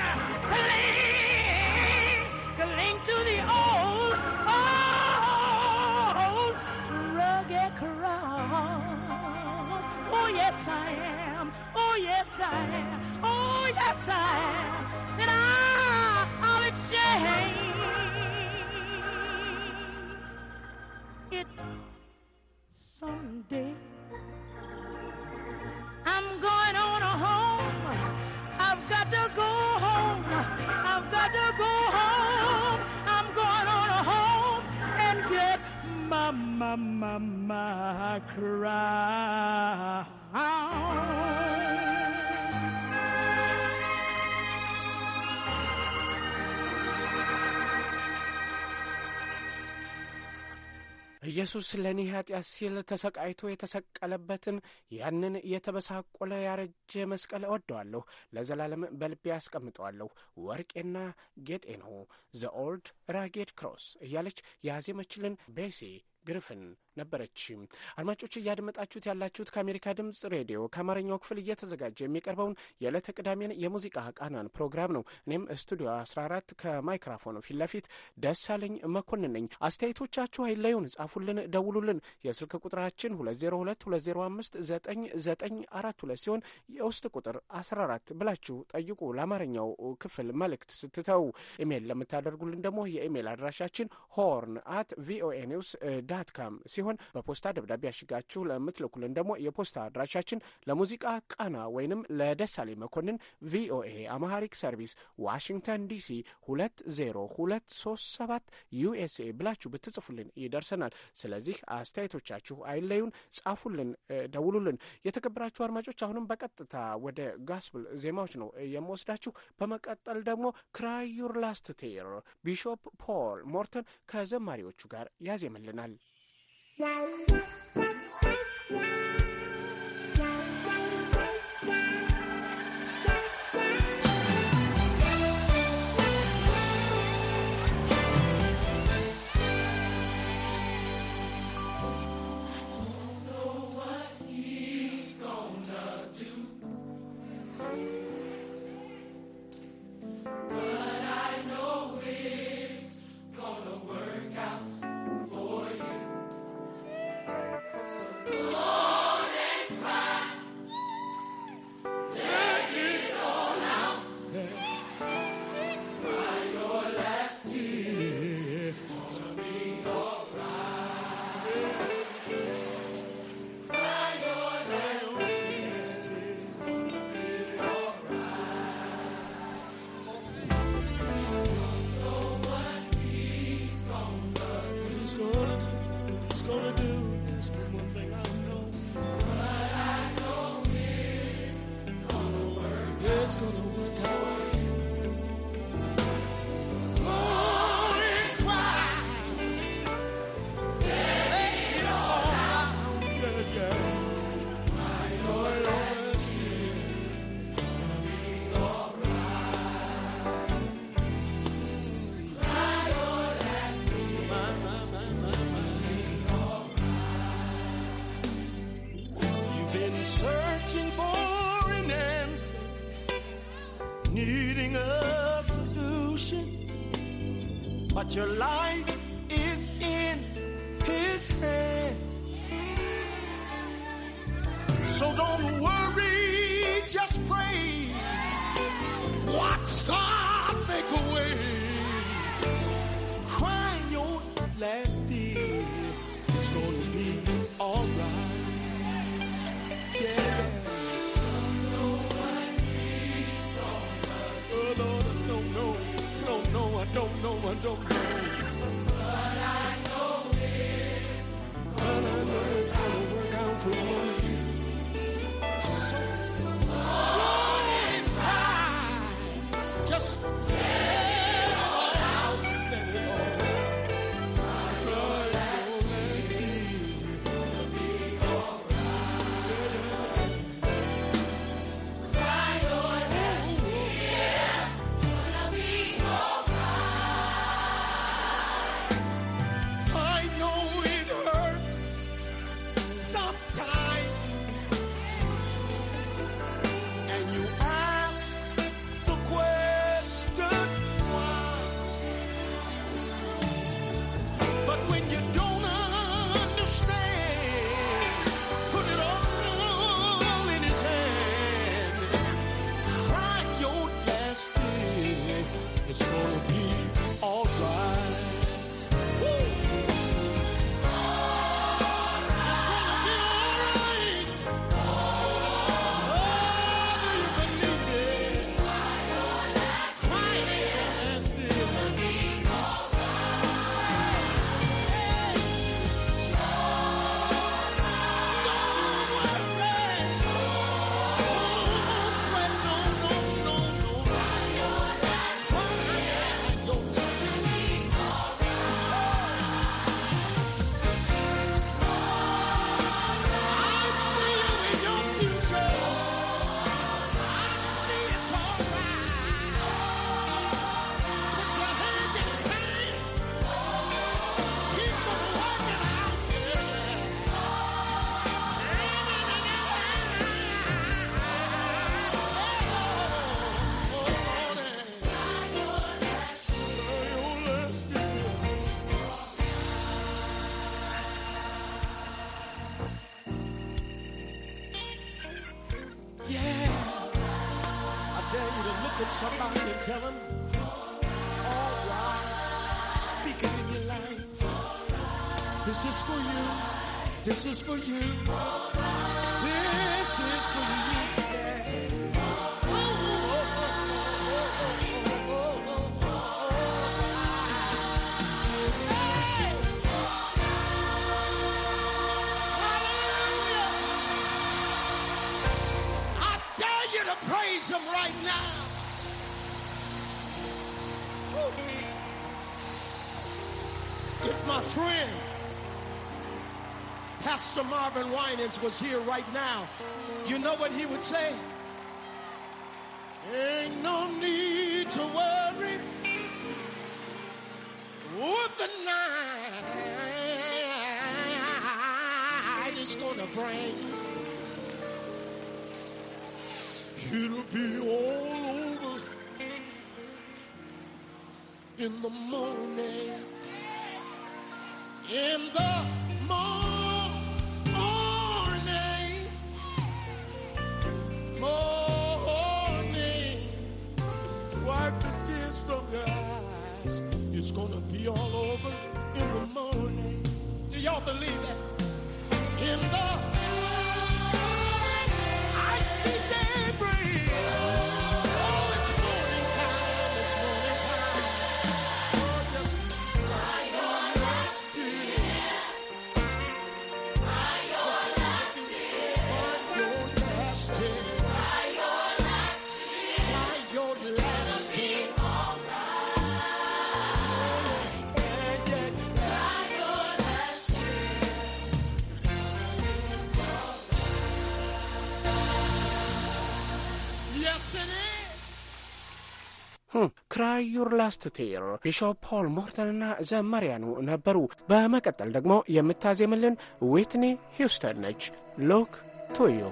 claim, claim to the old, old rugged cross. Oh, yes, I am. Oh, yes, I am. Oh, yes I am, and I, will exchange it someday. I'm going on a home. I've got to go home. I've got to go home. I'm going on a home and get my, my, my, my crown. ኢየሱስ ለእኔ ኃጢአት ሲል ተሰቃይቶ የተሰቀለበትን ያንን የተበሳቆለ ያረጀ መስቀል እወደዋለሁ። ለዘላለም በልቤ አስቀምጠዋለሁ። ወርቄና ጌጤ ነው። ዘ ኦልድ ራጌድ ክሮስ እያለች ያዜመችልን ቤሲ ግርፍን ነበረች። አድማጮች እያደመጣችሁት ያላችሁት ከአሜሪካ ድምጽ ሬዲዮ ከአማርኛው ክፍል እየተዘጋጀ የሚቀርበውን የዕለተ ቅዳሜን የሙዚቃ ቃናን ፕሮግራም ነው። እኔም ስቱዲዮ 14 ከማይክራፎኑ ፊት ለፊት ደሳለኝ መኮንን ነኝ። አስተያየቶቻችሁ አይለዩን፣ ጻፉልን፣ ደውሉልን። የስልክ ቁጥራችን 2022059942 ሲሆን የውስጥ ቁጥር 14 ብላችሁ ጠይቁ። ለአማርኛው ክፍል መልእክት ስትተው ኢሜይል ለምታደርጉልን ደግሞ የኢሜይል አድራሻችን ሆርን አት ቪኦኤ ኒውስ ዳት ካም ሲሆን ሲሆን በፖስታ ደብዳቤ ያሽጋችሁ ለምትልኩልን ደግሞ የፖስታ አድራሻችን ለሙዚቃ ቃና ወይንም ለደሳሌ መኮንን ቪኦኤ አማሃሪክ ሰርቪስ ዋሽንግተን ዲሲ 20237 ዩኤስኤ ብላችሁ ብትጽፉልን ይደርሰናል። ስለዚህ አስተያየቶቻችሁ አይለዩን፣ ጻፉልን፣ ደውሉልን። የተከበራችሁ አድማጮች አሁንም በቀጥታ ወደ ጋስፕል ዜማዎች ነው የምወስዳችሁ። በመቀጠል ደግሞ ክራይ ዩር ላስት ቴር ቢሾፕ ፖል ሞርተን ከዘማሪዎቹ ጋር ያዜምልናል። 감사합 your life. at somebody and tell him? all right, speak it in your language. This is for you. This is for you. my friend, Pastor Marvin Winans, was here right now, you know what he would say? Ain't no need to worry what the night is gonna bring. It'll be all over in the morning in the your last tear ቢሾፕ ፖል ሞርተንና ዘማሪያኑ ነበሩ። በመቀጠል ደግሞ የምታዜምልን ዊትኒ ሂውስተን ነች። ሎክ to you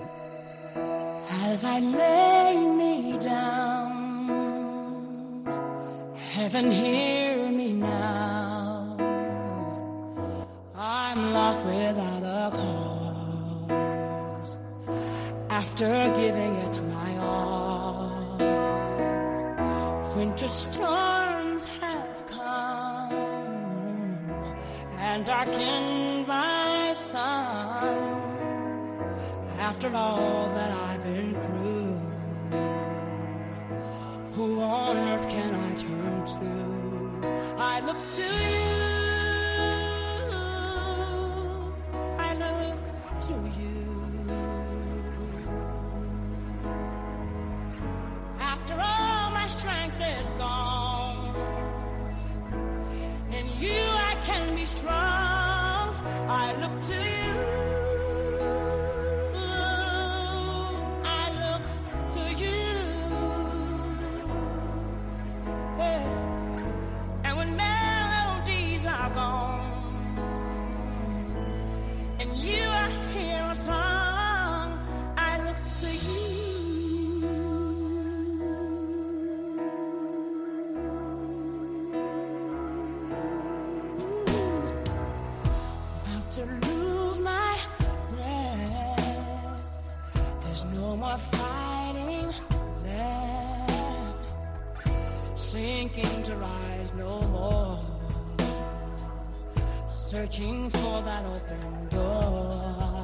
as I lay me down. Heaven, hear me now. I'm lost without a cause. After giving it my all. Winter storms have come and darkened my sun. After all that I've been through, who on earth can I turn to? I look to you. I look to you. After all. to lose my breath. There's no more fighting left. Sinking to rise no more. Searching for that open door.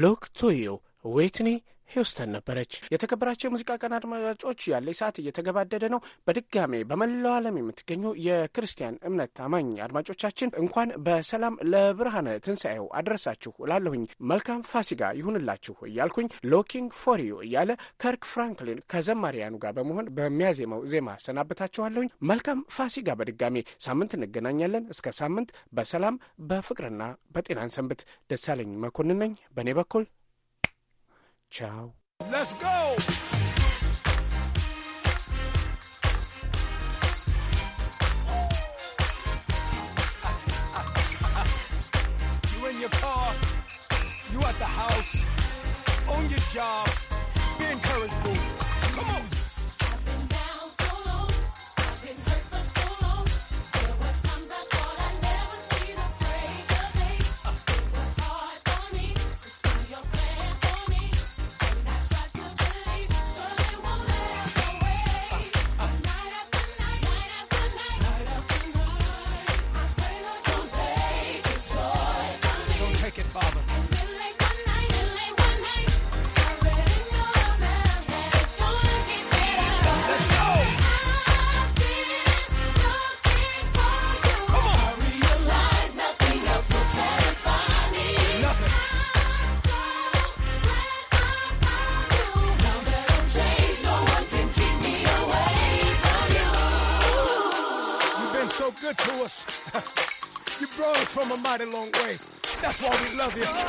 Look to you ዌትኒ ሂውስተን ነበረች። የተከበራቸው የሙዚቃ ቀን አድማጮች፣ ያለ ሰዓት እየተገባደደ ነው። በድጋሜ በመላው ዓለም የምትገኙ የክርስቲያን እምነት ታማኝ አድማጮቻችን እንኳን በሰላም ለብርሃነ ትንሣኤው አድረሳችሁ እላለሁኝ። መልካም ፋሲጋ ይሁንላችሁ እያልኩኝ ሎኪንግ ፎር ዩ እያለ ከርክ ፍራንክሊን ከዘማሪያኑ ጋር በመሆን በሚያዜመው ዜማ አሰናብታችኋለሁኝ። መልካም ፋሲጋ በድጋሜ ሳምንት እንገናኛለን። እስከ ሳምንት በሰላም በፍቅርና በጤናን ሰንብት። ደሳለኝ መኮንን ነኝ በእኔ በኩል Ciao. Let's go! You in your car, you at the house, on your job, be encouraged, boo. Come on! long way. That's why we love you.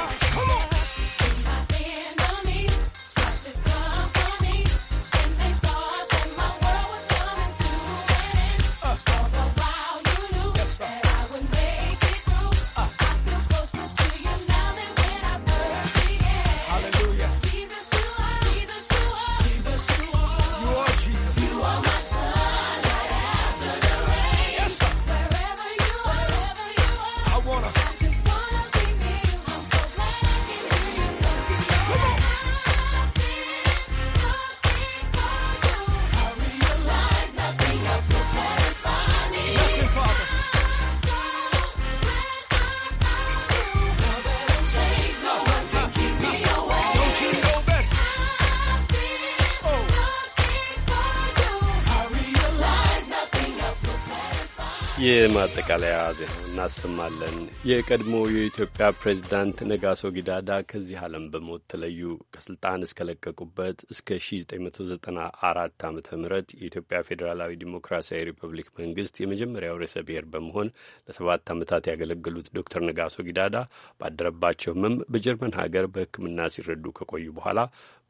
የማጠቃለያ ዜና እናሰማለን። የቀድሞ የኢትዮጵያ ፕሬዚዳንት ነጋሶ ጊዳዳ ከዚህ ዓለም በሞት ተለዩ። ከስልጣን እስከለቀቁበት እስከ 1994 ዓ ም የኢትዮጵያ ፌዴራላዊ ዲሞክራሲያዊ ሪፐብሊክ መንግስት የመጀመሪያው ርዕሰ ብሔር በመሆን ለሰባት ዓመታት ያገለገሉት ዶክተር ነጋሶ ጊዳዳ ባደረባቸው በጀርመን ሀገር በሕክምና ሲረዱ ከቆዩ በኋላ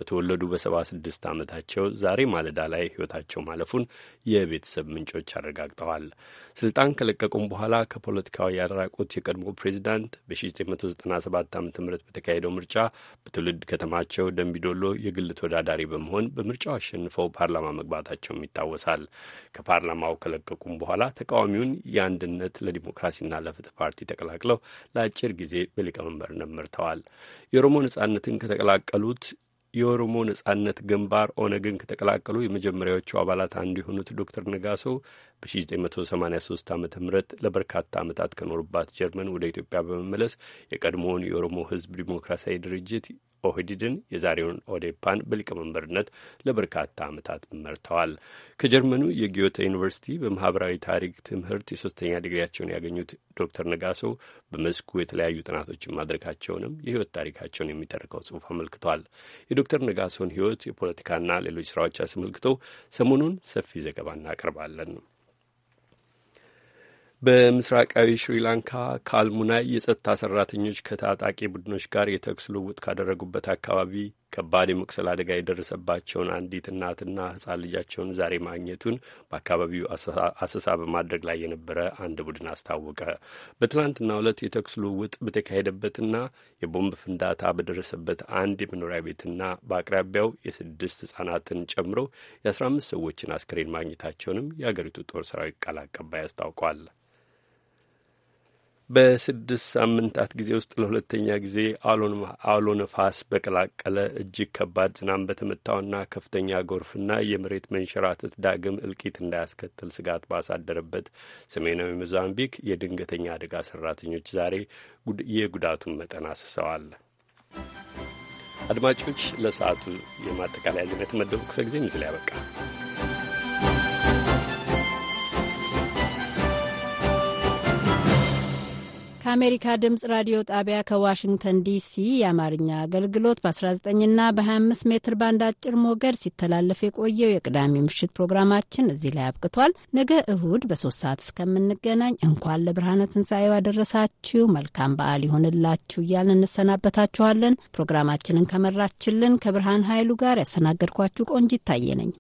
በተወለዱ በሰባ ስድስት ዓመታቸው ዛሬ ማለዳ ላይ ሕይወታቸው ማለፉን የቤተሰብ ምንጮች አረጋግጠዋል። ስልጣን ከለቀቁም በኋላ ከፖለቲካዊ ያራቁት የቀድሞ ፕሬዚዳንት በ1997 ዓ ም በተካሄደው ምርጫ በትውልድ ከተማቸው ደንቢዶሎ የግል ተወዳዳሪ በመሆን በምርጫው አሸንፈው ፓርላማ መግባታቸውም ይታወሳል። ከፓርላማው ከለቀቁም በኋላ ተቃዋሚውን የአንድነት ለዲሞክራሲና ለፍትህ ፓርቲ ተቀላቅለው ለአጭር ጊዜ በሊቀመንበርነት መርተዋል። የኦሮሞ ነጻነትን ከተቀላቀሉት የኦሮሞ ነጻነት ግንባር ኦነግን ከተቀላቀሉ የመጀመሪያዎቹ አባላት አንዱ የሆኑት ዶክተር ነጋሶ በ1983 ዓ ም ለበርካታ ዓመታት ከኖሩባት ጀርመን ወደ ኢትዮጵያ በመመለስ የቀድሞውን የኦሮሞ ህዝብ ዲሞክራሲያዊ ድርጅት ኦህዲድን የዛሬውን ኦዴፓን በሊቀመንበርነት ለበርካታ ዓመታት መርተዋል። ከጀርመኑ የጊዮተ ዩኒቨርሲቲ በማህበራዊ ታሪክ ትምህርት የሶስተኛ ዲግሪያቸውን ያገኙት ዶክተር ነጋሶ በመስኩ የተለያዩ ጥናቶችን ማድረጋቸውንም የህይወት ታሪካቸውን የሚጠርቀው ጽሑፍ አመልክቷል። የዶክተር ነጋሶን ህይወት የፖለቲካና ሌሎች ስራዎች አስመልክቶ ሰሞኑን ሰፊ ዘገባ እናቀርባለን። በምስራቃዊ ሽሪላንካ ካልሙናይ የጸጥታ ሰራተኞች ከታጣቂ ቡድኖች ጋር የተኩስ ልውውጥ ካደረጉበት አካባቢ ከባድ የመቁሰል አደጋ የደረሰባቸውን አንዲት እናትና ሕፃን ልጃቸውን ዛሬ ማግኘቱን በአካባቢው አሰሳ በማድረግ ላይ የነበረ አንድ ቡድን አስታወቀ። በትላንትናው ዕለት የተኩስ ልውውጥ በተካሄደበትና የቦምብ ፍንዳታ በደረሰበት አንድ የመኖሪያ ቤትና በአቅራቢያው የስድስት ሕጻናትን ጨምሮ የአስራ አምስት ሰዎችን አስክሬን ማግኘታቸውንም የአገሪቱ ጦር ሰራዊት ቃል አቀባይ አስታውቋል። በስድስት ሳምንታት ጊዜ ውስጥ ለሁለተኛ ጊዜ አውሎ ነፋስ በቀላቀለ እጅግ ከባድ ዝናብ በተመታውና ከፍተኛ ጎርፍና የመሬት መንሸራተት ዳግም እልቂት እንዳያስከትል ስጋት ባሳደረበት ሰሜናዊ ሞዛምቢክ የድንገተኛ አደጋ ሰራተኞች ዛሬ የጉዳቱን መጠን አስሰዋል። አድማጮች፣ ለሰዓቱ የማጠቃለያ ዜና የተመደቡ ክፍለ ጊዜ ምስል ያበቃል። ከአሜሪካ ድምፅ ራዲዮ ጣቢያ ከዋሽንግተን ዲሲ የአማርኛ አገልግሎት በ19ና በ25 ሜትር ባንድ አጭር ሞገድ ሲተላለፍ የቆየው የቅዳሜ ምሽት ፕሮግራማችን እዚህ ላይ አብቅቷል። ነገ እሁድ በሶስት ሰዓት እስከምንገናኝ እንኳን ለብርሃነ ትንሣኤው አደረሳችሁ፣ መልካም በዓል ይሆንላችሁ እያልን እንሰናበታችኋለን። ፕሮግራማችንን ከመራችልን ከብርሃን ኃይሉ ጋር ያስተናገድኳችሁ ቆንጂት ታየ ነኝ።